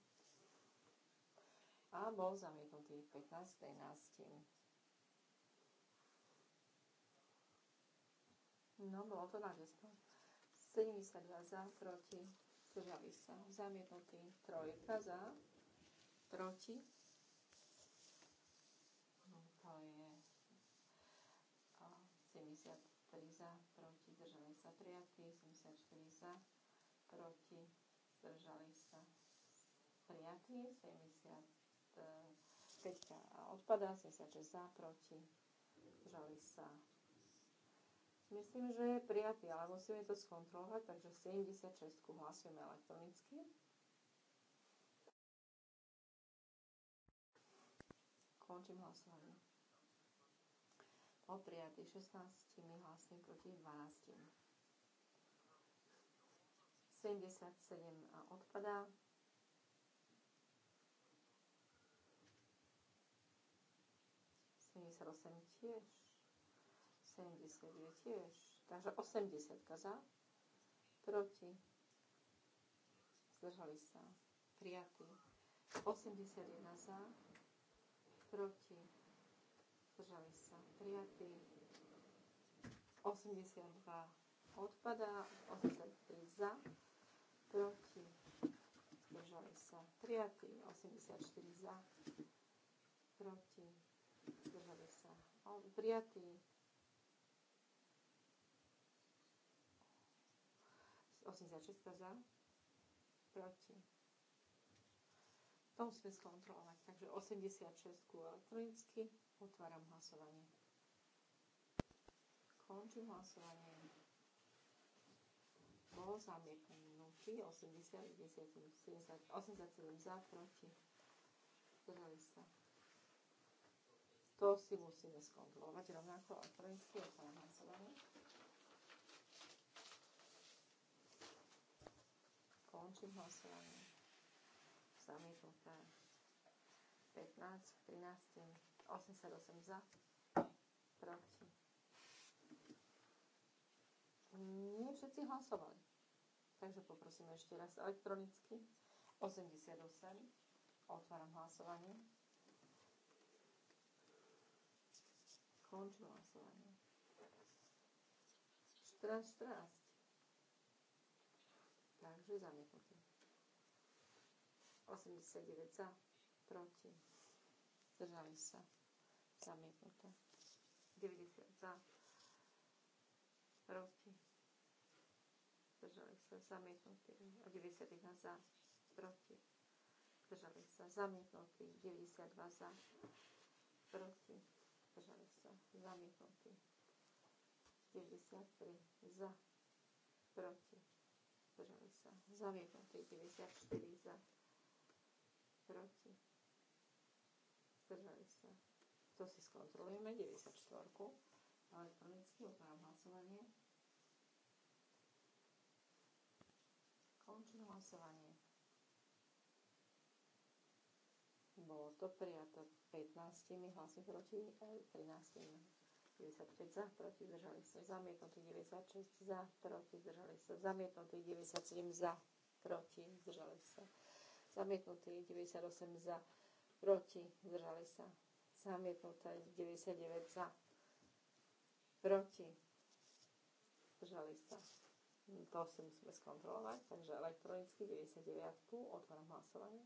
a bol zamietnutý 15 11. No, bolo to na gesto. 72 za, proti, držali sa. Zamietnutý trojka za, proti. No, to je 73 za, proti, držali sa prijatí, 74 za, proti, zdržali sa prijatí, 70 E, Keď a odpadá 76 za, proti, žali sa. Myslím, že je prijatý, ale musíme to skontrolovať, takže 76 hlasujeme elektronicky. Končím hlasovanie. Bol prijatý 16 hlasmi proti 12. 77 odpadá. 78 tiež. 79 tiež. Takže 80 za. Proti. Zdržali sa. Prijatý. 81 za. Proti. Zdržali sa. Prijatý. 82 odpadá. 83 za. Proti. Zdržali sa. Prijatý. 84 za. Proti Zdržali sa. Prijatý. Z 86 za. Proti. To musíme skontrolovať. Takže 86 elektronicky. Otváram hlasovanie. Končím hlasovanie. Bolo zamietnutý 80, 10, 70, 87 za, proti. Zdržali sa. To si musíme skontrolovať rovnako ako vojenské financovanie. Končím hlasovanie. Zamietnuté. 15, 13, 88 za, proti. Nie všetci hlasovali. Takže poprosím ešte raz elektronicky. 88. Otváram hlasovanie. Skončilo hlasovanie. Strán 14. Takže zamietnuté. 89 za, proti, zdržali sa, zamietnuté. 90 za, proti, zdržali sa, zamietnutí. A 91 za, proti, zdržali sa, zamietnutí. 92 za, proti, zdržali sa, zamietnutí. 93 za, proti, zdržali sa, zamietnutí. 94 za, proti, zdržali sa. To si skontrolujeme, 94. Elektronicky otváram hlasovanie. Končím hlasovanie. bolo to prijato 15 hlasmi proti 13. 95 za, proti držali sa zamietnutí, 96 za, proti zdržali sa zamietnutí, 97 za, proti zdržali sa zamietnutí, 98 za, proti zdržali sa zamietnuté, 99 za, proti zdržali sa. To si musíme skontrolovať, takže elektronicky 99 otváram hlasovanie.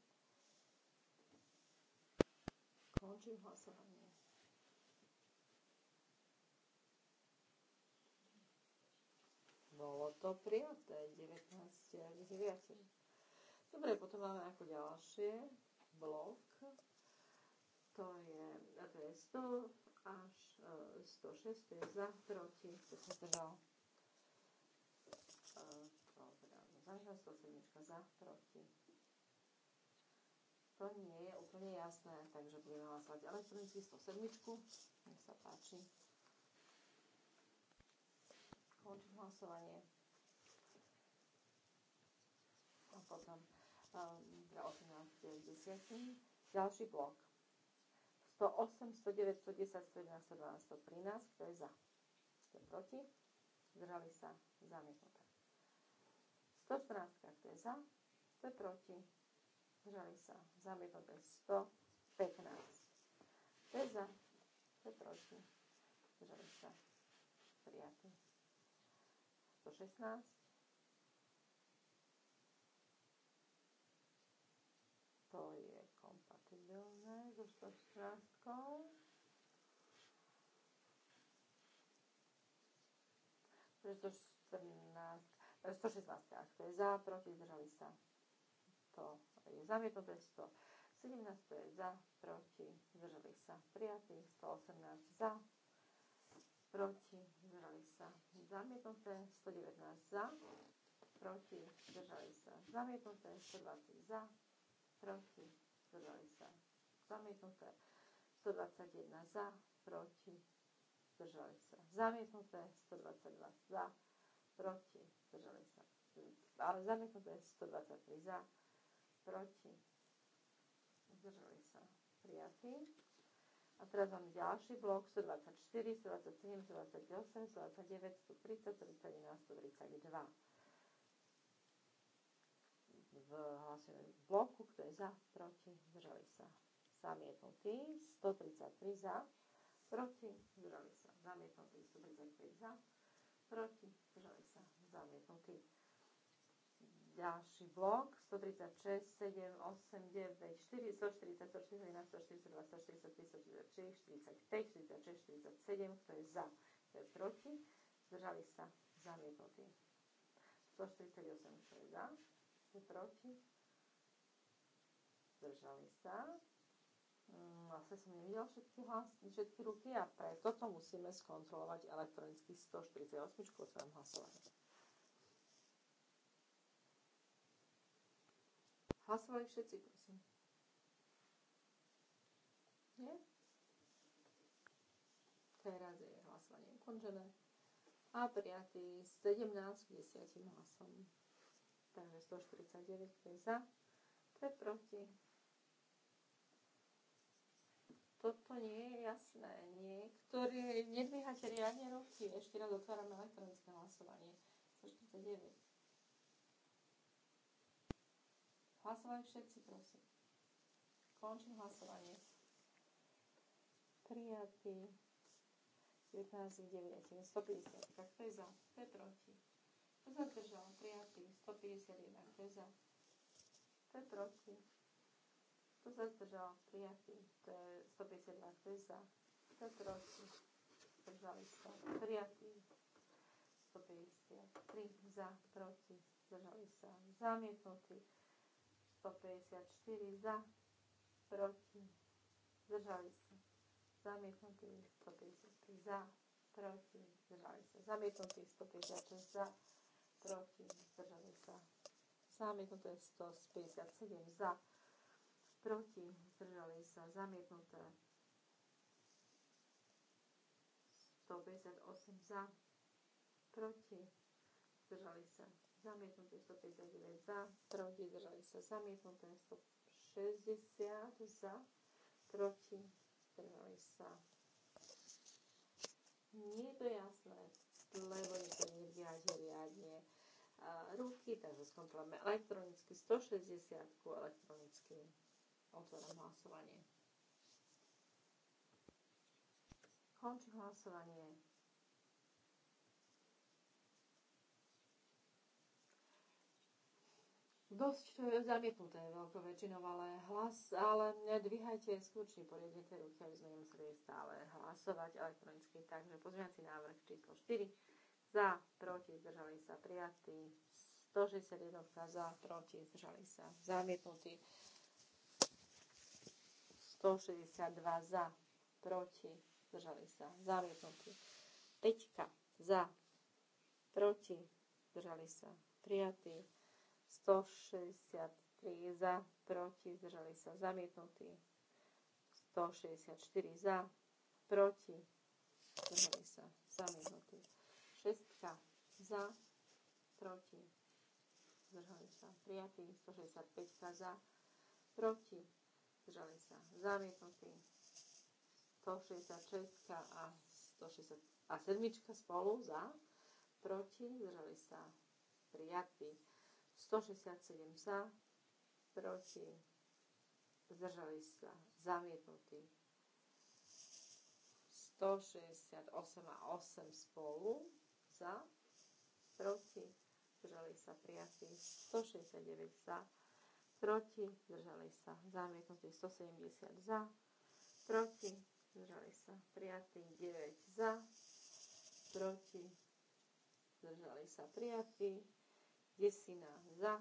Končím hlasovanie. Bolo to prijaté 19 až 9. Dobre, potom máme ako ďalšie blok. To je, to je 100 až 106, e, to je za, proti, to sa zdržal. Program. Zažil 107 za, proti, to nie je úplne jasné, takže budeme hlasovať elektronicky 107. Nech sa páči. Končím hlasovanie. A potom ehm, pre 18 10. Ďalší blok. 108, 109, 110, 111, 112, 113. Kto je za? Kto je proti? Zdržali sa zamietnuté. 114. Kto je za? Kto je proti? Žali sa. Zamietnuté 115. To je za. To je proti. sa. Prijatý. 116. To je kompatibilné so 114. To je 114. 116. To je za, proti, zdržali sa. To je zamietnuté 117, 17 je za, proti, zdržali sa prijatí, 118 za, proti, zdržali sa zamietnuté, 119 za, proti, zdržali sa zamietnuté, 120 za, proti, zdržali sa zamietnuté, 121 za, proti, zdržali sa zamietnuté, 122 za, proti, zdržali sa ale zamietnuté 123 za, proti, zdržali sa, prijatí. A teraz mám ďalší blok 124, 127, 128, 129, 130, 131, 132. V hlasujeme v bloku, kto je za, proti, zdržali sa, zamietnutý, 133 za, proti, zdržali sa, zamietnutý, 135 za, proti, zdržali sa, zamietnutý ďalší blok 136, 7, 8, 9, 4, 140, 141, 142, 143, 144, 45, 46, 47, kto je za, kto je proti, zdržali sa zamietnutí. 148, kto je za, kto je proti, zdržali sa. Vlastne som nevidel všetky, všetky ruky a preto to musíme skontrolovať elektronicky 148, otváram hlasovať. Hlasovali všetci, prosím. Nie? Teraz je hlasovanie ukončené. A prijatý 17 10 hlasom. Takže 149, je za, kto je proti. Toto nie je jasné. Niektorí nedvíhate riadne ruky. Ešte raz otváram elektronické hlasovanie. 149. Hlasovali všetci, prosím. Končím hlasovanie. Prijatý. 19, 9, 150. Kto je za? Kto je proti? Kto sa Prijatý. 151. Kto je za? Kto je proti? Kto sa zdržal? Prijatý. To je 152. Kto je za? Kto je proti? Zdržali sa. Prijatý. 153. Za. Proti. Zdržali sa. Zamietnutý. 154 za, proti, zdržali sa. Zamietnutý 153 za, proti, zdržali sa. Zamietnutý 156 za, proti, zdržali sa. Zamietnuté 157 za, proti, zdržali sa. Zamietnuté 158 za, proti, zdržali sa. Zamietnuté 159 za, proti, držali sa zamietnuté, 160 za, proti, zdržali sa. Nie je to jasné, lebo nikto neviaže riadne ruky, takže skontrolujeme elektronicky 160 elektronicky. Otváram hlasovanie. Končím hlasovanie. dosť e, zamietnuté veľko väčšinou, ale hlas, ale dvíhajte skutočne poriadne tie ruky, aby sme nemuseli stále hlasovať elektronicky. Takže pozmeňací návrh číslo 4 za, proti, zdržali sa prijatí, 161 za, proti, zdržali sa zamietnutí, 162 za, proti, zdržali sa zamietnutí, 5 za, proti, zdržali sa prijatí, 163 za, proti, zdržali sa zamietnutí. 164 za, proti, zdržali sa zamietnutí. 6 za, proti, zdržali sa prijatí. 165 za, proti, zdržali sa zamietnutí. 166 a 160 a spolu za, proti, zdržali sa prijatí. 167 za, proti, zdržali sa, zamietnutí. 168 a 8 spolu, za, proti, zdržali sa, prijatí. 169 za, proti, zdržali sa, zamietnutí. 170 za, proti, zdržali sa, prijatí. 9 za, proti, zdržali sa, prijatí desina za,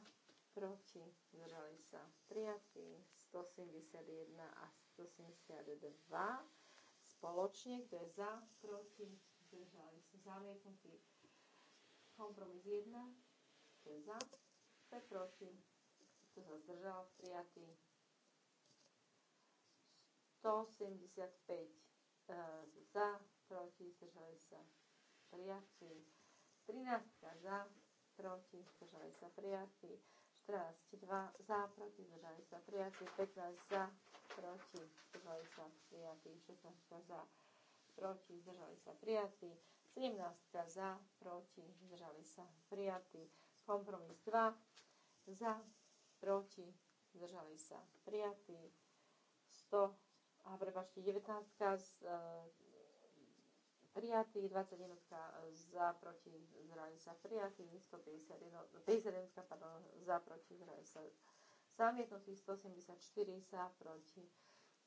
proti, zdržali sa prijatí, 181 a 182. spoločne, kto je za, proti, zdržali sa zamietnutí, kompromis 1, kto je za, kto je proti, kto sa zdržal, prijatý, 175 e, za, proti, zdržali sa prijatí, 13 za, proti, zdržali sa prijatí. 14, 2 za, proti, zdržali sa prijatí. 15 za, proti, zdržali sa prijatí. 16 za, proti, zdržali sa prijatí. 17 za, proti, zdržali sa prijatí. Kompromis 2 za, proti, zdržali sa prijatí. 100 a prepačte, 19 z, prijatý, 21 za, proti, Izraeli sa prijatý, 151, 51, pardon, za, proti, Izraeli sa zamietnutý, 184 za, proti,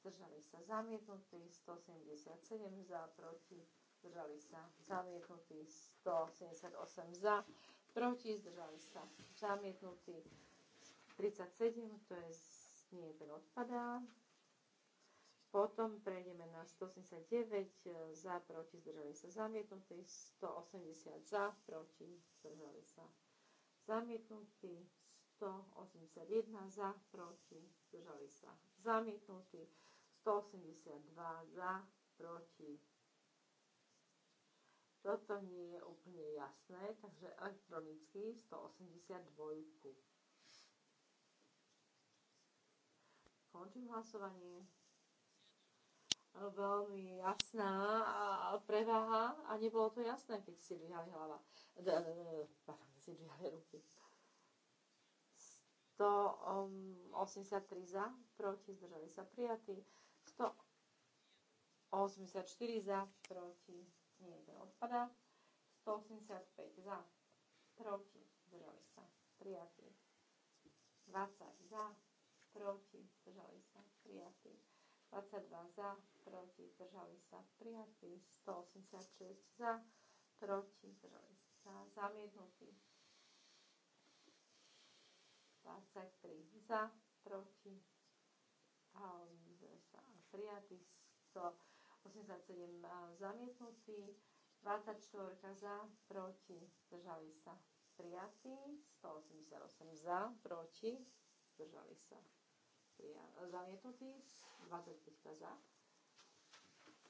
zdržali sa zamietnutý, 177 za, proti, zdržali sa zamietnutý, 178 za, proti, zdržali sa zamietnutý, 37, to je, nie, ten odpadá, potom prejdeme na 189 e, za, proti, zdržali sa zamietnutí, 180 za, proti, zdržali sa zamietnutí, 181 za, proti, zdržali sa zamietnutí, 182 za, proti. Toto nie je úplne jasné, takže elektronicky 182. Končím hlasovanie veľmi jasná preváha a nebolo to jasné, keď si dvíhali hlava. E, pardon, si dvíhali ruky. 183 um, za, proti, zdržali sa prijatí. 184 za, proti, nie, ten odpadá. 185 za, proti, zdržali sa prijatí. 20 za, proti, zdržali sa prijatí. 22 za, proti, zdržali sa prijatí, 186 za, proti, zdržali sa zamietnutí. 23 za, proti, a prijatí, 187 zamietnutí, 24 za, proti, zdržali sa prijatí, 188 za, proti, zdržali sa zamietnutý, 25 za,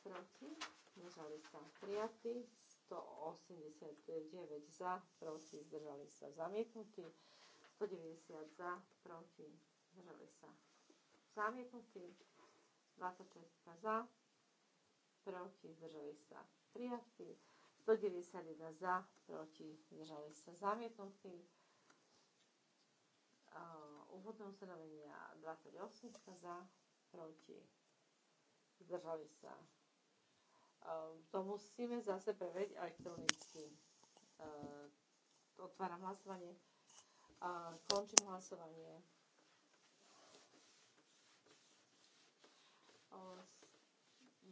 proti, zdržali sa prijatí, 189 za, proti, zdržali sa zamietnutí, 190 za, proti, zdržali sa zamietnutí, 26 za, proti, zdržali sa prijatí, 191 za, proti, zdržali sa zamietnutí, úvodné ustanovenia 28 za, proti. Zdržali sa. Ehm, to musíme zase preveriť elektronicky. Ehm, otváram hlasovanie. Ehm, končím hlasovanie. O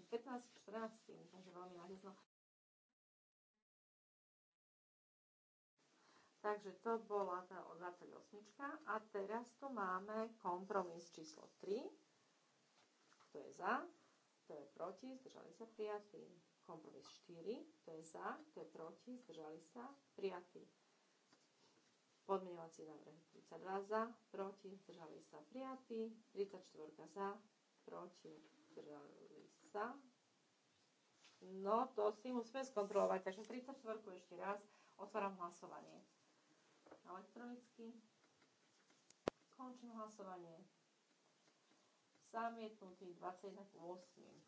15-14, takže veľmi natesno. Takže to bola tá 28. A teraz tu máme kompromis číslo 3. To je za? to je proti? Zdržali sa prijatí. Kompromis 4. to je za? to je proti? Zdržali sa prijatí. Podmienovací návrh 32 za, proti, zdržali sa prijatí. 34 za, proti, zdržali sa. No, to si musíme skontrolovať. Takže 34 ešte raz. Otváram hlasovanie elektronicky. Končím hlasovanie. Zamietnutý 28.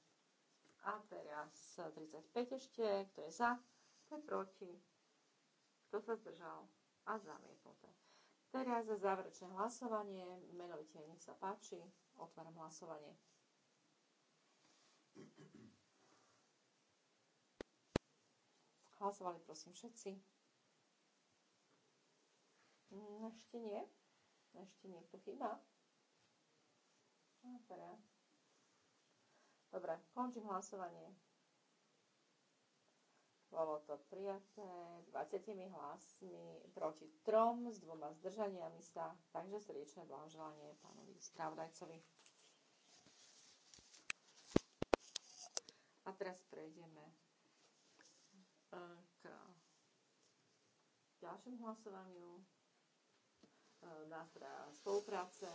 A teraz 35 ešte, kto je za, kto je proti, kto sa zdržal a zamietnuté. Teraz za záverečné hlasovanie, menovite nech sa páči, otváram hlasovanie. Hlasovali prosím všetci. Mm, ešte nie. Ešte niekto chýba. No, dobre. Dobre, končím hlasovanie. Bolo to prijaté 20 hlasmi proti trom s dvoma zdržaniami sa. Takže srdečné blahoželanie pánovi spravodajcovi. A teraz prejdeme eh, k ďalšiemu hlasovaniu nástroja e, spolupráce.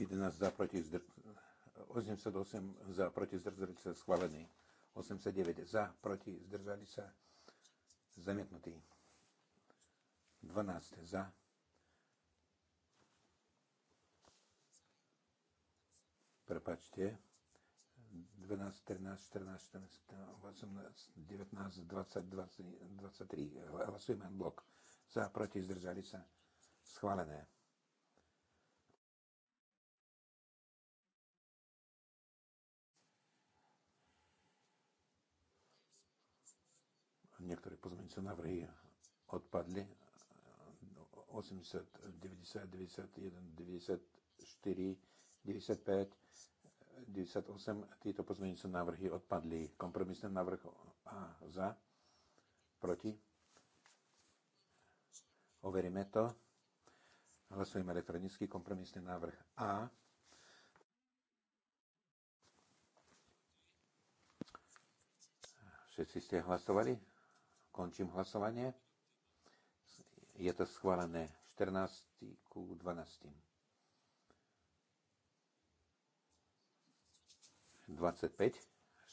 11 za proti zdr... 88 za proti zdržali sa schválený. 89 za proti zdržali sa zamietnutý. 12 za Prepačte. 12, 13, 14, 14, 18, 19, 20, 20 23. Hlasujeme blok. Za, proti, zdržali sa. Schválené. Niektoré pozmeňujúce návrhy odpadli. 80, 90, 91, 94, 95, 98 tieto pozmeňujúce návrhy odpadli. Kompromisný návrh A za, proti. Overíme to. Hlasujeme elektronicky. Kompromisný návrh A. Všetci ste hlasovali? Končím hlasovanie. Je to schválené 14 ku 12. 25,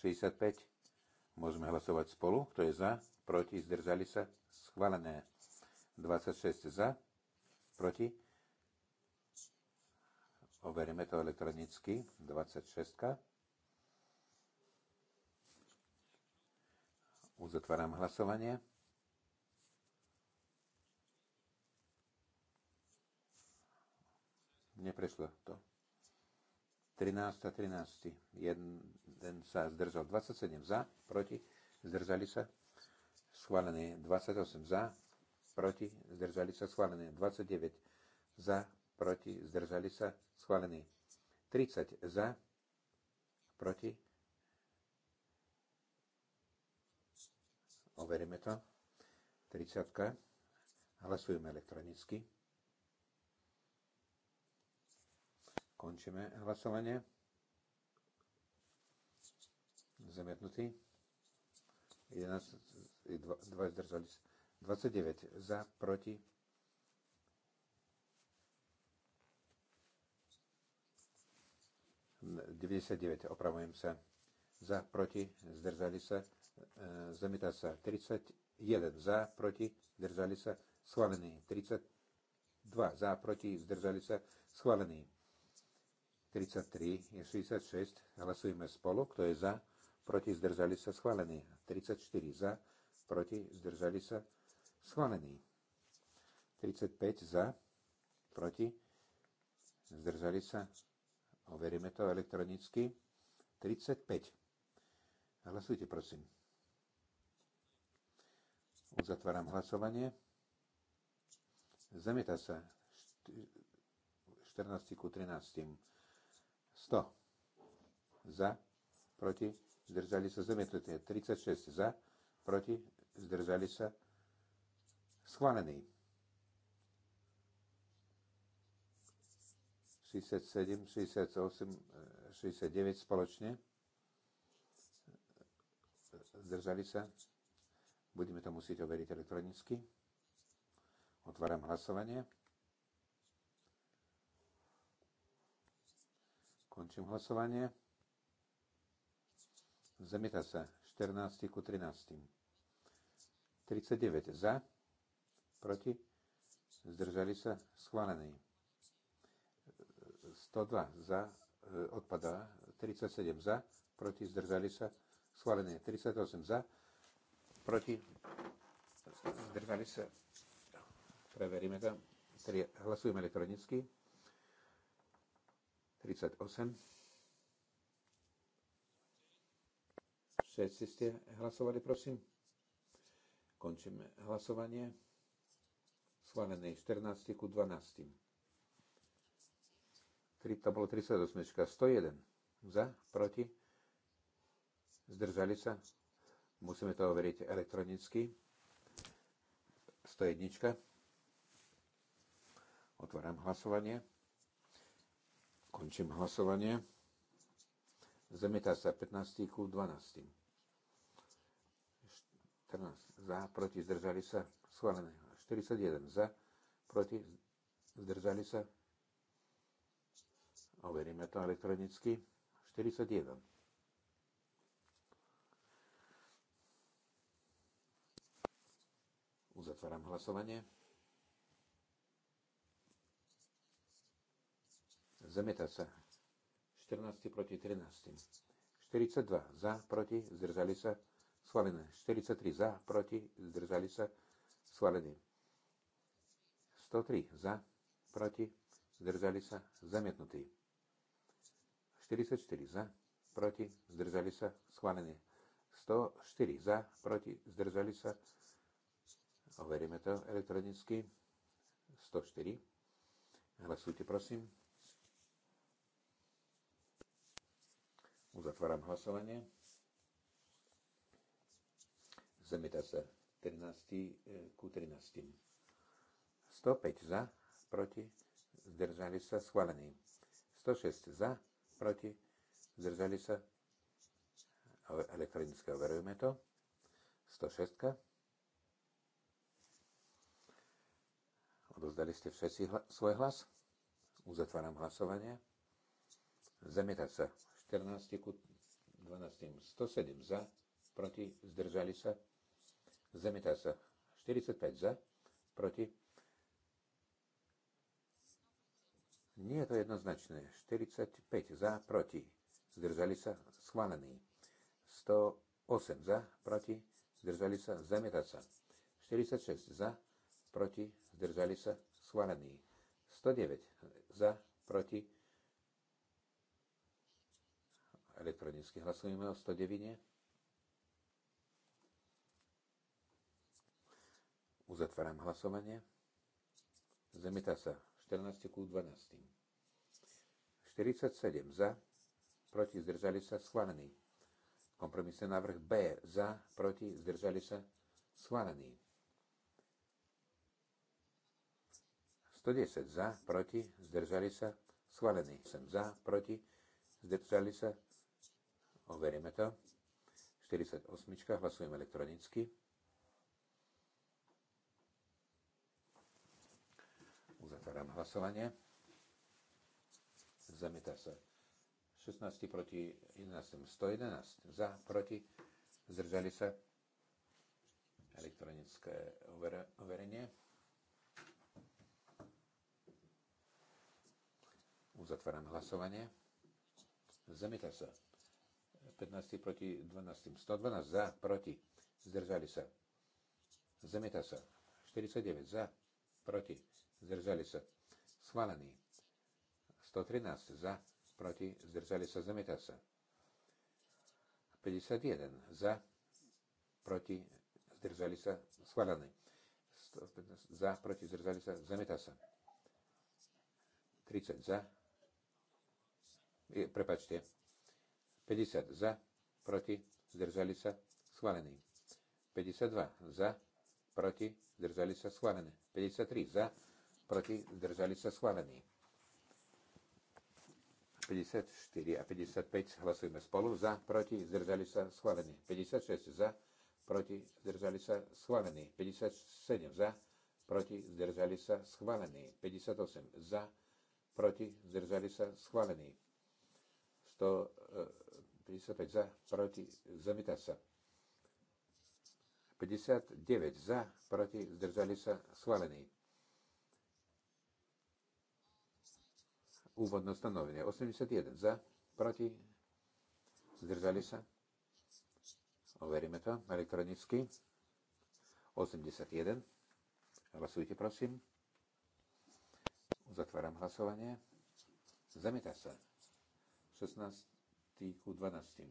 65. Môžeme hlasovať spolu. Kto je za? Proti? Zdržali sa? Schválené. 26 za? Proti? Overíme to elektronicky. 26. -ka. Uzatváram hlasovanie. Neprešlo to. 13 a 13. Jeden sa zdržal. 27 za, proti, zdržali sa. Schválené 28 za, proti, zdržali sa. Schválené 29 za, proti, zdržali sa. Schválené 30 za, proti. Overíme to. 30. Hlasujeme elektronicky. Končíme hlasovanie. Zamietnutý. 11, 2, 2 zdržali. 29 za, proti. N 99, opravujem sa. Za, proti, zdržali sa. E, zamieta sa 31 za, proti, zdržali sa. Schválený. 32 za, proti, zdržali sa. Schválený. 33 je 66. Hlasujeme spolu. Kto je za? Proti zdržali sa schválený. 34 za. Proti zdržali sa schválení. 35 za. Proti zdržali sa. Overíme to elektronicky. 35. Hlasujte, prosím. Uzatváram hlasovanie. Zamieta sa 14 ku 13. 100 za, proti, zdržali sa zamietnutí. 36 za, proti, zdržali sa schválený. 67, 68, 69 spoločne. Zdržali sa. Budeme to musieť overiť elektronicky. Otváram hlasovanie. Končím hlasovanie. Zamieta sa 14 ku 13. 39 za, proti, zdržali sa, schválený. 102 za, e, odpadá, 37 za, proti, zdržali sa, schválený. 38 za, proti, zdržali sa, preveríme to, hlasujeme elektronicky. 38. Všetci ste hlasovali, prosím. Končím hlasovanie. Schválené 14 ku 12. To bolo 38. 101. Za, proti. Zdržali sa. Musíme to overiť elektronicky. 101. Otváram hlasovanie. Končím hlasovanie. Zamieta sa 15 ku 12. 14 za, proti, zdržali sa, schválené. 41 za, proti, zdržali sa. Overíme to elektronicky. 41. Uzatváram hlasovanie. zamieta sa. 14 proti 13. 42 za, proti, zdržali sa, schválené. 43 za, proti, zdržali sa, schválené. 103 za, proti, zdržali sa, zamietnutý. 44 za, proti, zdržali sa, schválené. 104 za, proti, zdržali sa, overíme to elektronicky. 104. Hlasujte, prosím. Uzatváram hlasovanie. zemita sa 13 e, ku 13. 105 za, proti, zdržali sa schválení. 106 za, proti, zdržali sa. Elektronicky overujeme to. 106. Odozdali ste všetci hla, svoj hlas. Uzatváram hlasovanie. Zamieta sa 14 ku 12. 107 za, proti, zdržali sa, zamieta sa. 45 za, proti. Nie je to jednoznačné. 45 za, proti. Zdržali sa, schválený. 108 za, proti. Zdržali sa, zamieta sa. 46 za, proti. Zdržali sa, schválený. 109 za, proti. Elektronicky hlasujeme o 109. Uzatváram hlasovanie. Zamieta sa 14 k 12. 47 za, proti zdržali sa schválený. Kompromisný návrh B za, proti zdržali sa schválený. 110 za, proti, zdržali sa, schválený. 8 za, proti, zdržali sa, Overíme to. 48. Hlasujem elektronicky. Uzatváram hlasovanie. Zamieta sa. 16 proti 11. 111 za, proti. Zdržali sa. Elektronické overenie. Uzatváram hlasovanie. Zamieta sa. 15 proti 12. 112 za, proti. Zdržali sa. Zamieta sa. 49 za, proti. Zdržali sa. Schválený. 113 za, proti. Zdržali sa. Zamieta sa. 51 za, proti. Zdržali sa. Schválený. 115 za, proti. Zdržali sa. Zamieta sa. 30 za. Prepačte. 50 za, proti, zdržali sa, schválený. 52 za, proti, zdržali sa, schválený. 53 za, proti, zdržali sa, schválený. 54 a 55 hlasujeme spolu, za, proti, zdržali sa, schválený. 56 za, proti, zdržali sa, schválený. 57 za, proti, zdržali sa, schválený. 58 za, proti, zdržali sa, schválený. E, 55 za, proti, zamieta sa. 59 за, против, сдержались, схваленный. Уводное установление. 81 за, против, сдержались. Уверим это электронически. 81. Голосуйте, просим. Затворим голосование. Заметаться. 16. 13 ku 12.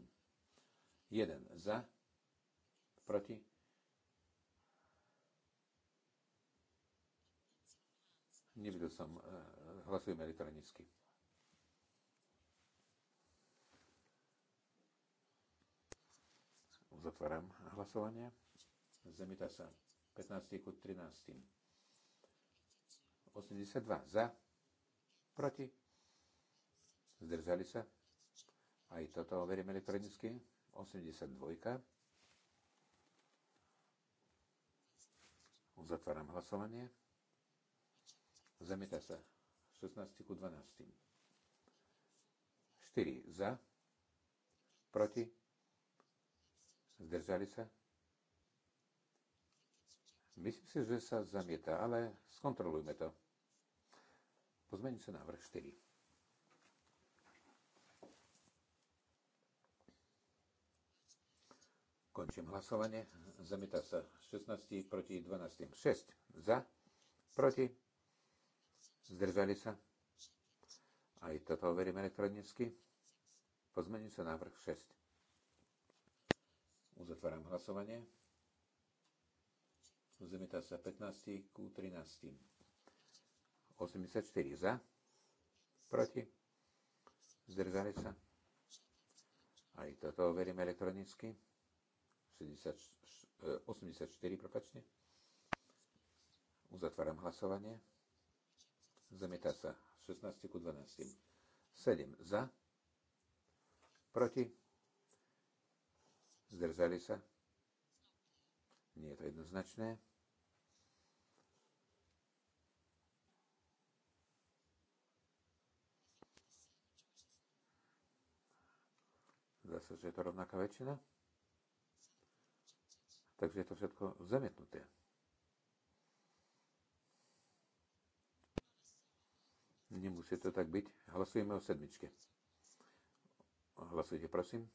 1 za, proti, Nevidel som, e, hlasujeme elektronicky. Uzatváram hlasovanie. Zemita sa 15 ku 13. 82 za, proti, zdržali sa, aj toto overím elektronicky. 82. Uzatváram hlasovanie. Zamieta sa. 16 ku 12. 4 za. Proti. Zdržali sa. Myslím si, že sa zamieta, ale skontrolujme to. Pozmením sa návrh 4. Končím hlasovanie. Zamieta sa 16 proti 12. 6 za, proti. Zdržali sa. Aj toto overím elektronicky. Pozmení sa návrh 6. Uzatváram hlasovanie. Zamieta sa 15 ku 13. 84 za, proti. Zdržali sa. Aj toto overím elektronicky. 60, 84, e, prepačte. Uzatváram hlasovanie. Zamieta sa 16 ku 12. 7 za. Proti. Zdržali sa. Nie je to jednoznačné. Zase, že je to rovnaká väčšina. Takže je to všetko zamietnuté. Nemusí to tak byť. Hlasujeme o sedmičke. Hlasujte, prosím.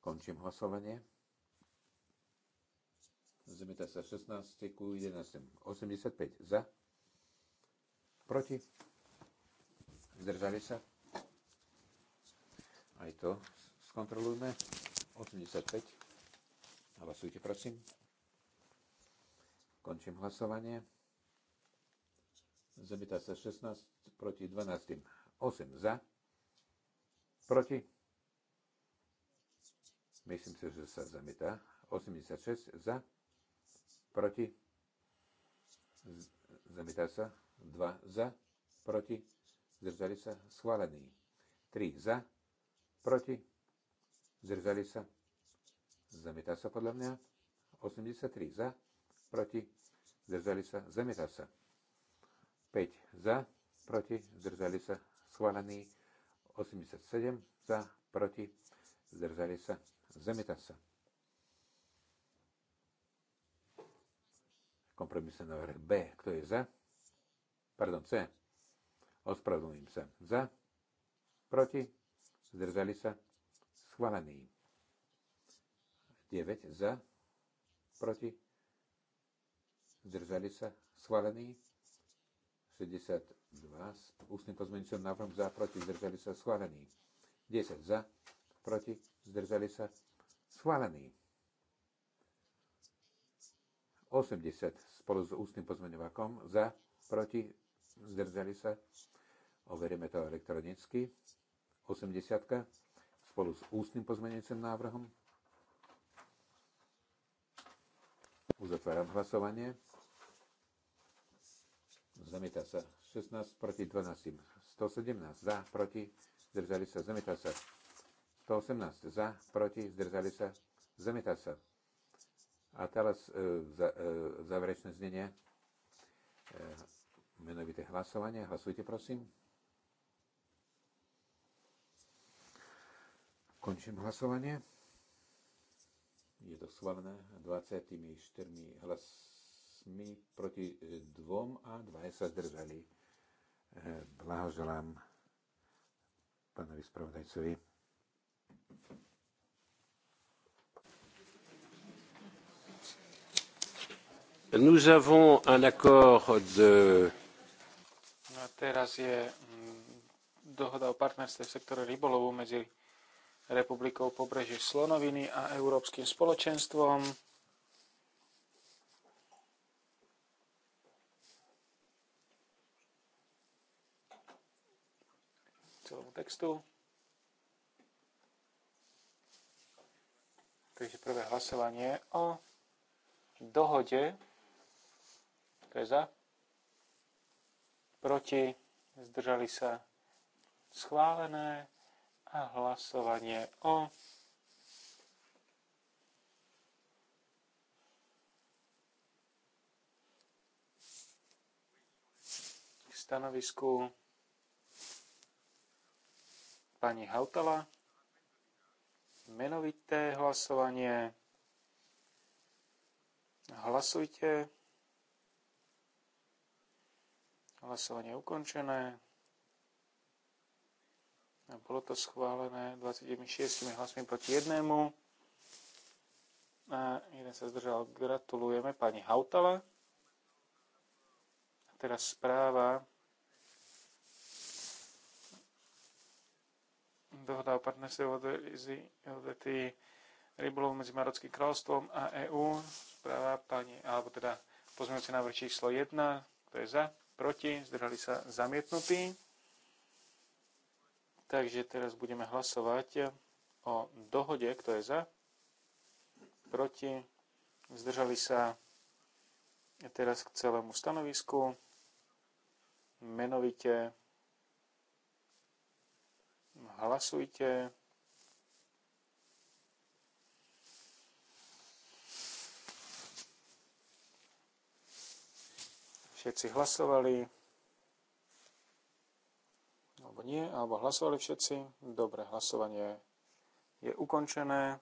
Končím hlasovanie. Zamieta sa 16 ku 11. 85 za. Proti. Zdržali sa. Aj to Skontrolujme. 85. Hlasujte, prosím. Končím hlasovanie. Zabitá sa 16 proti 12. 8 za. Proti. Myslím si, že sa zamietá. 86 za. Proti. Zamietá sa. 2 za. Proti. Zdržali sa. Schválený. 3 za. Proti Zdržali sa. Zamieta sa podľa mňa. 83 za. Proti. Zdržali sa. Zamieta sa. 5 za. Proti. Zdržali sa. Schválený. 87 za. Proti. Zdržali sa. Zamieta sa. Kompromisný návrh B. Kto je za? Pardon, C. Ospravedlňujem sa. Za. Proti. Zdržali sa. Schválený. 9 za, proti, zdržali sa, schválený. 62 s ústnym pozmeňujúcim návrhom za, proti, zdržali sa, schválený. 10 za, proti, zdržali sa, schválený. 80 spolu s ústnym pozmeňovákom za, proti, zdržali sa. Overíme to elektronicky. 80 spolu s ústnym pozmeňujúcim návrhom. Uzatváram hlasovanie. Zamieta sa 16 proti 12. 117 za, proti, zdržali sa, zamieta sa. 118 za, proti, zdržali sa, zamieta sa. A teraz e, za, e, záverečné znenie. E, menovité hlasovanie. Hlasujte, prosím. Končím hlasovanie. Je to schválené 24 hlasmi proti dvom a dvaja sa zdržali. E, blahoželám pánovi spravodajcovi. Nous avons un accord de... A teraz je mm, dohoda o partnerstve v sektore rybolovu medzi Republikou pobrežie Slonoviny a Európskym spoločenstvom. Celému textu. Takže prvé hlasovanie o dohode. To je za. Proti. Zdržali sa. Schválené a hlasovanie o stanovisku pani Hautala. Menovité hlasovanie. Hlasujte. Hlasovanie ukončené. Bolo to schválené 26 hlasmi proti jednému. A jeden sa zdržal. Gratulujeme pani Hautala. A teraz správa dohoda o partnerstve odvety rybolov medzi Marockým kráľstvom a EÚ. Správa pani, alebo teda pozmeňujúci návrh číslo 1, kto je za, proti, zdržali sa zamietnutí. Takže teraz budeme hlasovať o dohode, kto je za, proti, zdržali sa teraz k celému stanovisku, menovite hlasujte. Všetci hlasovali alebo nie, alebo hlasovali všetci. Dobre, hlasovanie je ukončené.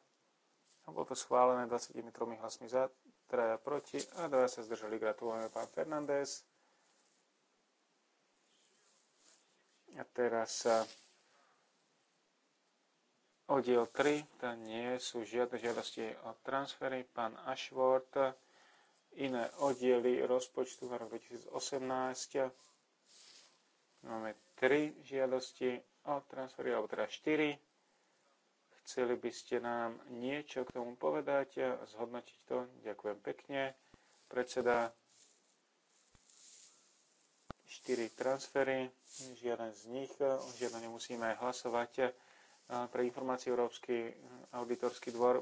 A bolo to schválené 23 hlasmi za, traja proti a dvaja sa zdržali. Gratulujeme pán Fernández. A teraz oddiel 3, tam nie sú žiadne žiadosti o transfery. Pán Ashworth, iné oddiely rozpočtu na rok 2018 Máme 3 žiadosti o transfery, alebo teda 4. Chceli by ste nám niečo k tomu povedať a zhodnotiť to? Ďakujem pekne. Predseda 4 transfery, žiaden z nich, žiadne nemusíme hlasovať. Pre informáciu Európsky auditorský dvor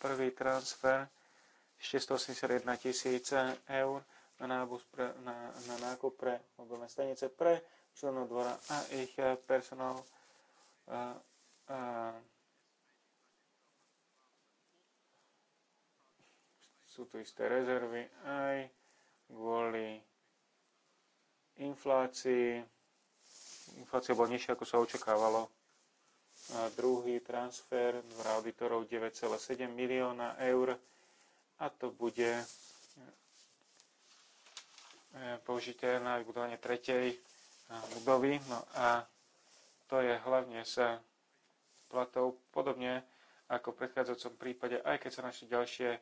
prvý transfer 681 tisíc eur na, pre, na, na nákup pre mobilné stanice pre členov dvora a ich eh, personál a, eh, a, eh, sú tu isté rezervy aj kvôli inflácii. Inflácia bola nižšia, ako sa očakávalo. A druhý transfer dvora auditorov 9,7 milióna eur a to bude Eh, použité na vybudovanie tretej eh, budovy. No a to je hlavne sa platou, podobne ako v predchádzajúcom prípade, aj keď sa našli ďalšie eh,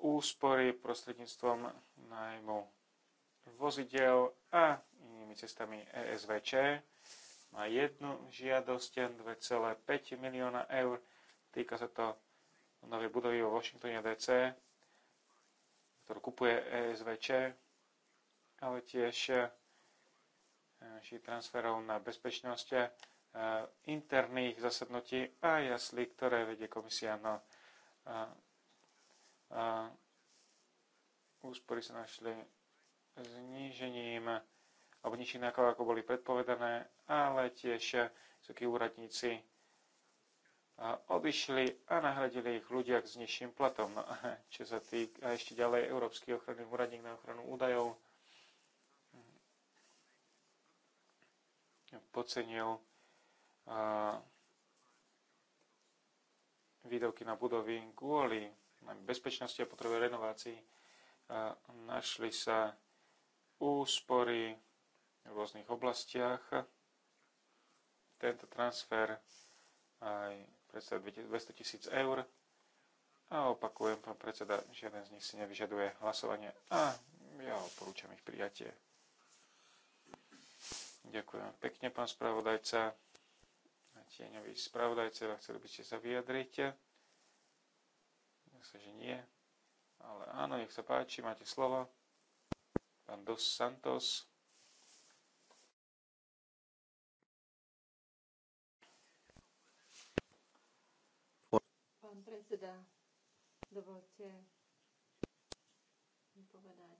úspory prostredníctvom najmu vozidel a inými cestami ESVČ. Má jednu žiadosť 2,5 milióna eur. Týka sa to novej budovy vo Washingtone DC, ktorú kupuje ESVČ ale tiež e, transferov na bezpečnosť e, interných zasadnutí a jasli, ktoré vedie komisia na úspory sa našli znížením alebo nižších ako, ako boli predpovedané, ale tiež e, vysokí úradníci odišli a nahradili ich ľudia s nižším platom. No, čo sa týka a ešte ďalej Európsky ochranný úradník na ochranu údajov, podcenil výdavky na budovy kvôli bezpečnosti a potrebe renovácií. Našli sa úspory v rôznych oblastiach. Tento transfer aj predstavuje 200 tisíc eur. A opakujem, pán predseda, žiaden z nich si nevyžaduje hlasovanie a ja odporúčam ich prijatie. Ďakujem pekne, pán spravodajca. A tieňový spravodajca, chceli by ste sa vyjadriť? Myslím, že nie. Ale áno, nech sa páči, máte slovo. Pán Dos Santos. Pán predseda, dovolte mi povedať,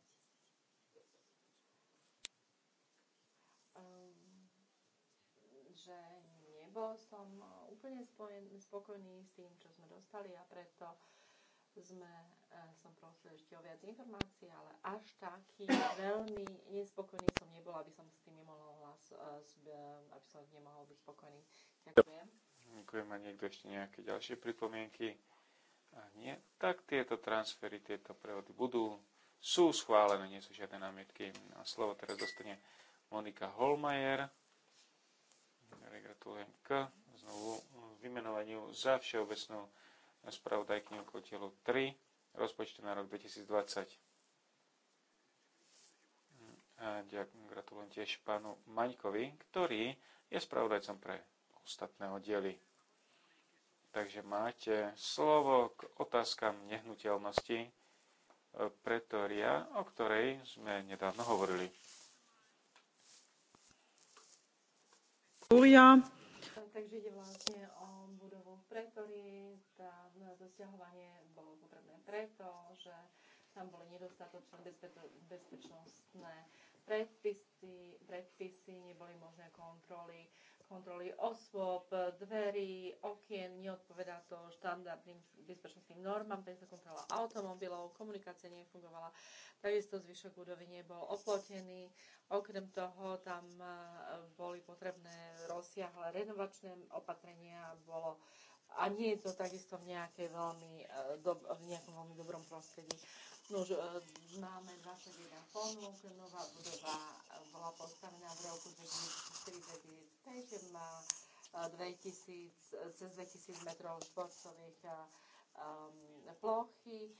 že nebol som eh, úplne spokojný s tým, čo sme dostali a preto sme, eh, som prosil ešte o viac informácií, ale až taký veľmi nespokojný som nebol, aby som s tým nemohol hlas, eh, aby som nemohol byť spokojný. Ďakujem. Ďakujem. Má niekto ešte nejaké ďalšie pripomienky? A nie, tak tieto transfery, tieto prevody budú, sú schválené, nie sú žiadne námietky. A slovo teraz dostane Monika Holmajer gratulujem k znovu vymenovaniu za všeobecnú spravodajkňu k telu 3 rozpočtu na rok 2020. A ďakujem, gratulujem tiež pánu Maňkovi, ktorý je spravodajcom pre ostatné oddiely. Takže máte slovo k otázkam nehnuteľnosti e, pretoria, o ktorej sme nedávno hovorili. Úria. Takže ide vlastne o budovu v Pretori. Tam zasťahovanie no, bolo potrebné preto, že tam boli nedostatočné bezpečnostné predpisy, predpisy neboli možné kontroly kontroly osôb, dverí, okien, neodpovedá to štandardným bezpečnostným normám, takisto kontrola automobilov, komunikácia nefungovala, takisto zvyšok budovy nebol oplotený. Okrem toho tam eh, boli potrebné rozsiahle renovačné opatrenia, bolo a nie je to takisto v, nejakej veľmi, eh, v nejakom veľmi dobrom prostredí. No, že, e, Máme 21 ponúk, nová budova e, bola postavená v roku 2035, má 2000, e, cez 2000 metrov štvorcových um, plochy.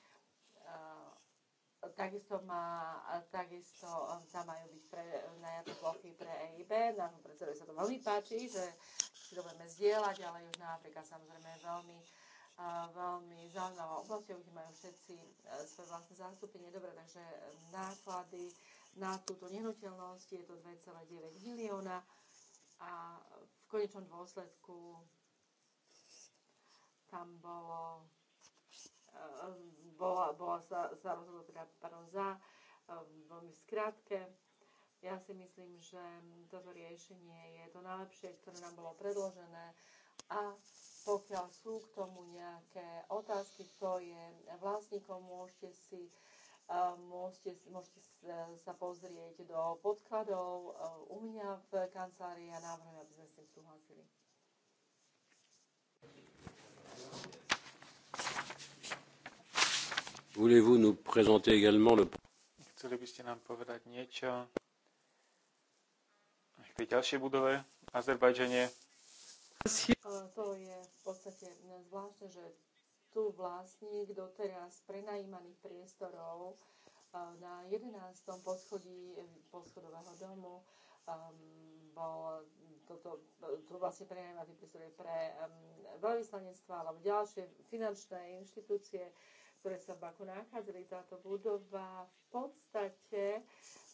takisto, má, takisto tam majú byť pre, najaté plochy pre EIB. Nášmu predsedovi sa to veľmi páči, že si to budeme zdieľať, ale Južná Afrika samozrejme je veľmi veľmi zaujímavá oblasť, kde majú všetci e, svoje vlastné zástupenie. Dobre, takže e, náklady na túto nehnuteľnosť je to 2,9 milióna a v konečnom dôsledku tam bolo e, bola, bola sa, sa rozhodlo teda pardon, za veľmi skrátke. Ja si myslím, že toto riešenie je to najlepšie, ktoré nám bolo predložené a pokiaľ sú k tomu nejaké otázky, kto je vlastníkom, môžete si e, môžete, môžete e, sa pozrieť do podkladov e, u mňa v kancelárii a ja návrhujem, aby sme s tým súhlasili. Voulez-vous nous présenter également le... Chceli by ste nám povedať niečo k tej ďalšej budove v Azerbajdžane? To je v podstate e, zvláštne, že tu vlastník doteraz prenajímaných priestorov e, na 11. poschodí e, poschodového domu um, bol toto, to vlastne prenajímaný priestor pre um, ehm, veľvyslanectvá alebo ďalšie finančné inštitúcie ktoré sa v Baku nachádzali. Táto budova v podstate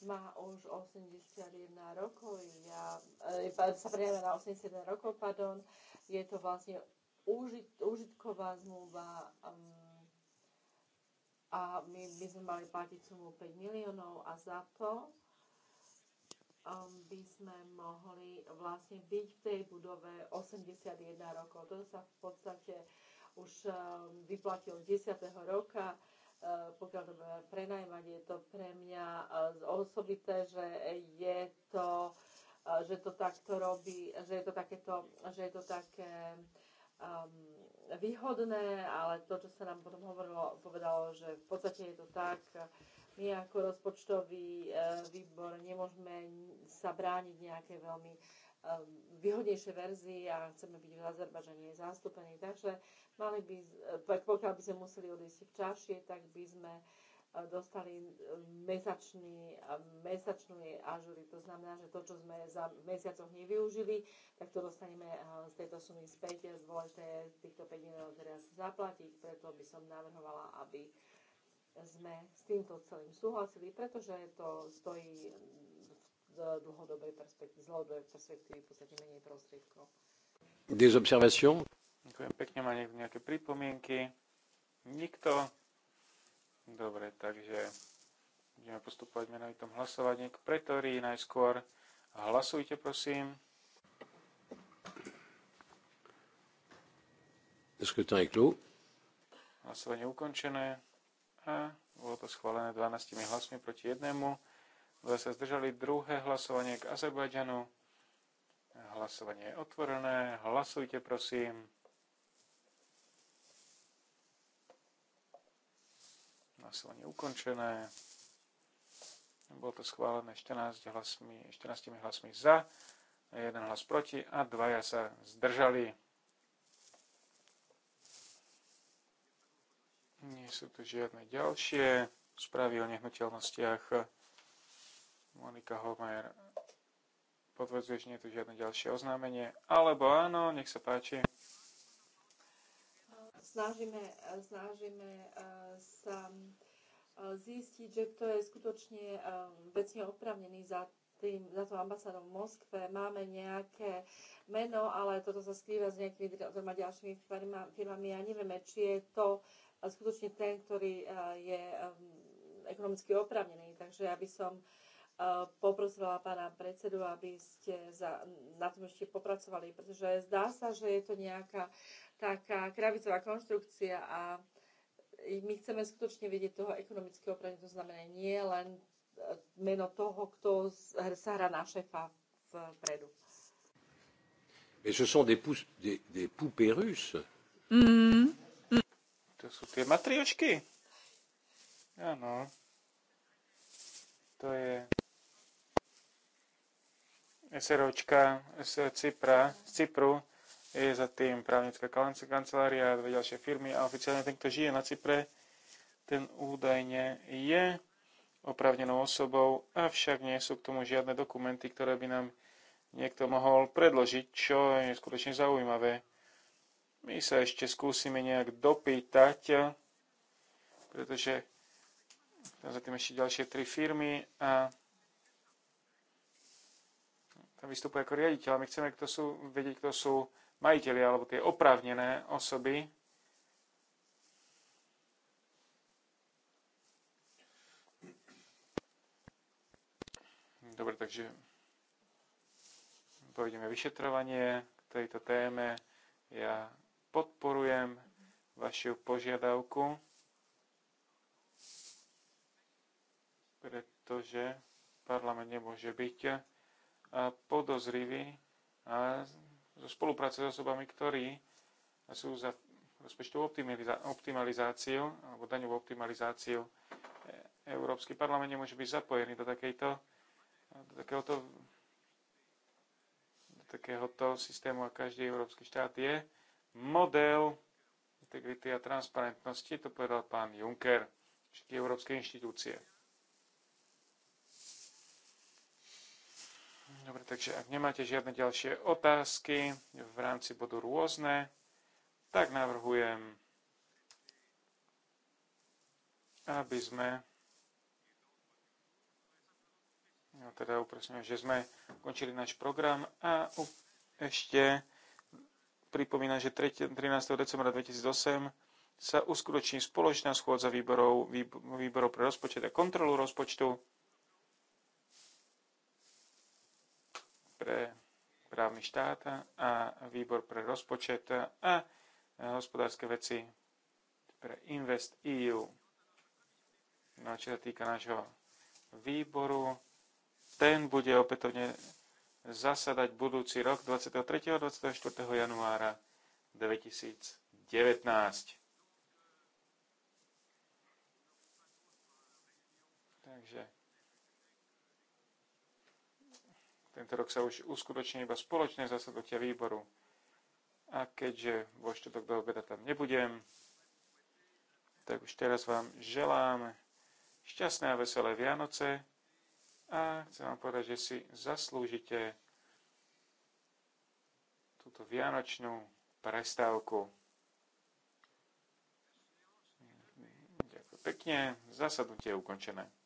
má už 81 rokov, ja, e, sa prejavia na 81 rokov, pardon. Je to vlastne užit, užitková zmluva um, a my my sme mali platiť sumu 5 miliónov a za to um, by sme mohli vlastne byť v tej budove 81 rokov. To sa v podstate už eh, vyplatil z 10. roka, eh, pokiaľ to budeme prenajmať, je to pre mňa eh, osobité, že je to, že to takto robí, že je to takéto, že je to také um, výhodné, ale to, čo sa nám potom hovorilo, povedalo, že v podstate je to tak, my ako rozpočtový výbor nemôžeme sa brániť nejaké veľmi Um, výhodnejšie verzii a chceme byť v Azerbažane zastúpení. Takže mali by, pokiaľ by sme museli odísť čašie, tak by sme uh, dostali um, mesačný, um, mesačnú ažury. To znamená, že to, čo sme za mesiacoch nevyužili, tak to dostaneme uh, z tejto sumy späť. Dôležité je týchto 5 miliónov teraz zaplatiť, preto by som navrhovala, aby sme s týmto celým súhlasili, pretože to stojí z dlhodobej perspektívy, z dlhodobej perspektívy v podstate menej prostriedkov. Des observations? Ďakujem pekne, má niekto nejaké pripomienky? Nikto? Dobre, takže budeme postupovať menovitom hlasovanie. k pretorii najskôr. Hlasujte, prosím. Hlasovanie ukončené a bolo to schválené 12 hlasmi proti jednému. Dva sa zdržali. Druhé hlasovanie k Azerbajdžanu. Hlasovanie je otvorené. Hlasujte, prosím. Hlasovanie ukončené. Bolo to schválené 14 hlasmi, 14 hlasmi za, jeden hlas proti a dvaja sa zdržali. Nie sú tu žiadne ďalšie správy o nehnuteľnostiach. Monika Holmajer, potvrdzuješ, nie je tu žiadne ďalšie oznámenie. Alebo áno, nech sa páči. Snažíme, snažíme eh, sa eh, zistiť, že to je skutočne eh, vecne opravnený za tým, za tým ambasádom v Moskve. Máme nejaké meno, ale toto sa skrýva s nejakými dvoma ďalšími firmami a nevieme, či je to skutočne ten, ktorý je ekonomicky opravnený. Takže ja by som poprosila pána predsedu, aby ste za, na tom ešte popracovali, pretože zdá sa, že je to nejaká taká kravicová konštrukcia a my chceme skutočne vidieť toho ekonomického opravenia, to znamená nie len e, meno toho, kto sa hrá na šéfa vpredu. Mais ce sont des, pou, des, des poupées russes. Mm. Mm. To sú tie matriošky. Áno. To je SROčka z, Cypra, z Cypru, je za tým právnická kancelária a dve ďalšie firmy a oficiálne ten, kto žije na Cypre, ten údajne je oprávnenou osobou, avšak nie sú k tomu žiadne dokumenty, ktoré by nám niekto mohol predložiť, čo je skutočne zaujímavé. My sa ešte skúsime nejak dopýtať, pretože tam za tým ešte ďalšie tri firmy a tam vystupuje ako riaditeľ. My chceme kto sú, vedieť, kto sú majiteľi alebo tie oprávnené osoby. Dobre, takže povedeme vyšetrovanie k tejto téme. Ja podporujem vašu požiadavku, pretože parlament nemôže byť podozriví zo spolupráce s osobami, ktorí sú za rozpočtovú optimalizáciu alebo daňovú optimalizáciu. E, európsky parlament nemôže byť zapojený do, takejto, do takéhoto do takéhoto systému a každý európsky štát je model integrity a transparentnosti, to povedal pán Juncker, všetky európske inštitúcie. Dobre, takže ak nemáte žiadne ďalšie otázky v rámci bodu rôzne, tak navrhujem, aby sme no teda upresňujem, že sme končili náš program a ešte pripomínam, že 13. decembra 2008 sa uskutoční spoločná schôdza výborov, výborov pre rozpočet a kontrolu rozpočtu pre právny štát a výbor pre rozpočet a hospodárske veci pre Invest EU. No a čo sa týka nášho výboru, ten bude opätovne zasadať budúci rok 23. a 24. januára 2019. Tento rok sa už uskutoční iba spoločné zasadnutia výboru. A keďže vo štvrtok do obeda tam nebudem, tak už teraz vám želám šťastné a veselé Vianoce a chcem vám povedať, že si zaslúžite túto vianočnú prestávku. Ďakujem pekne, zasadnutie je ukončené.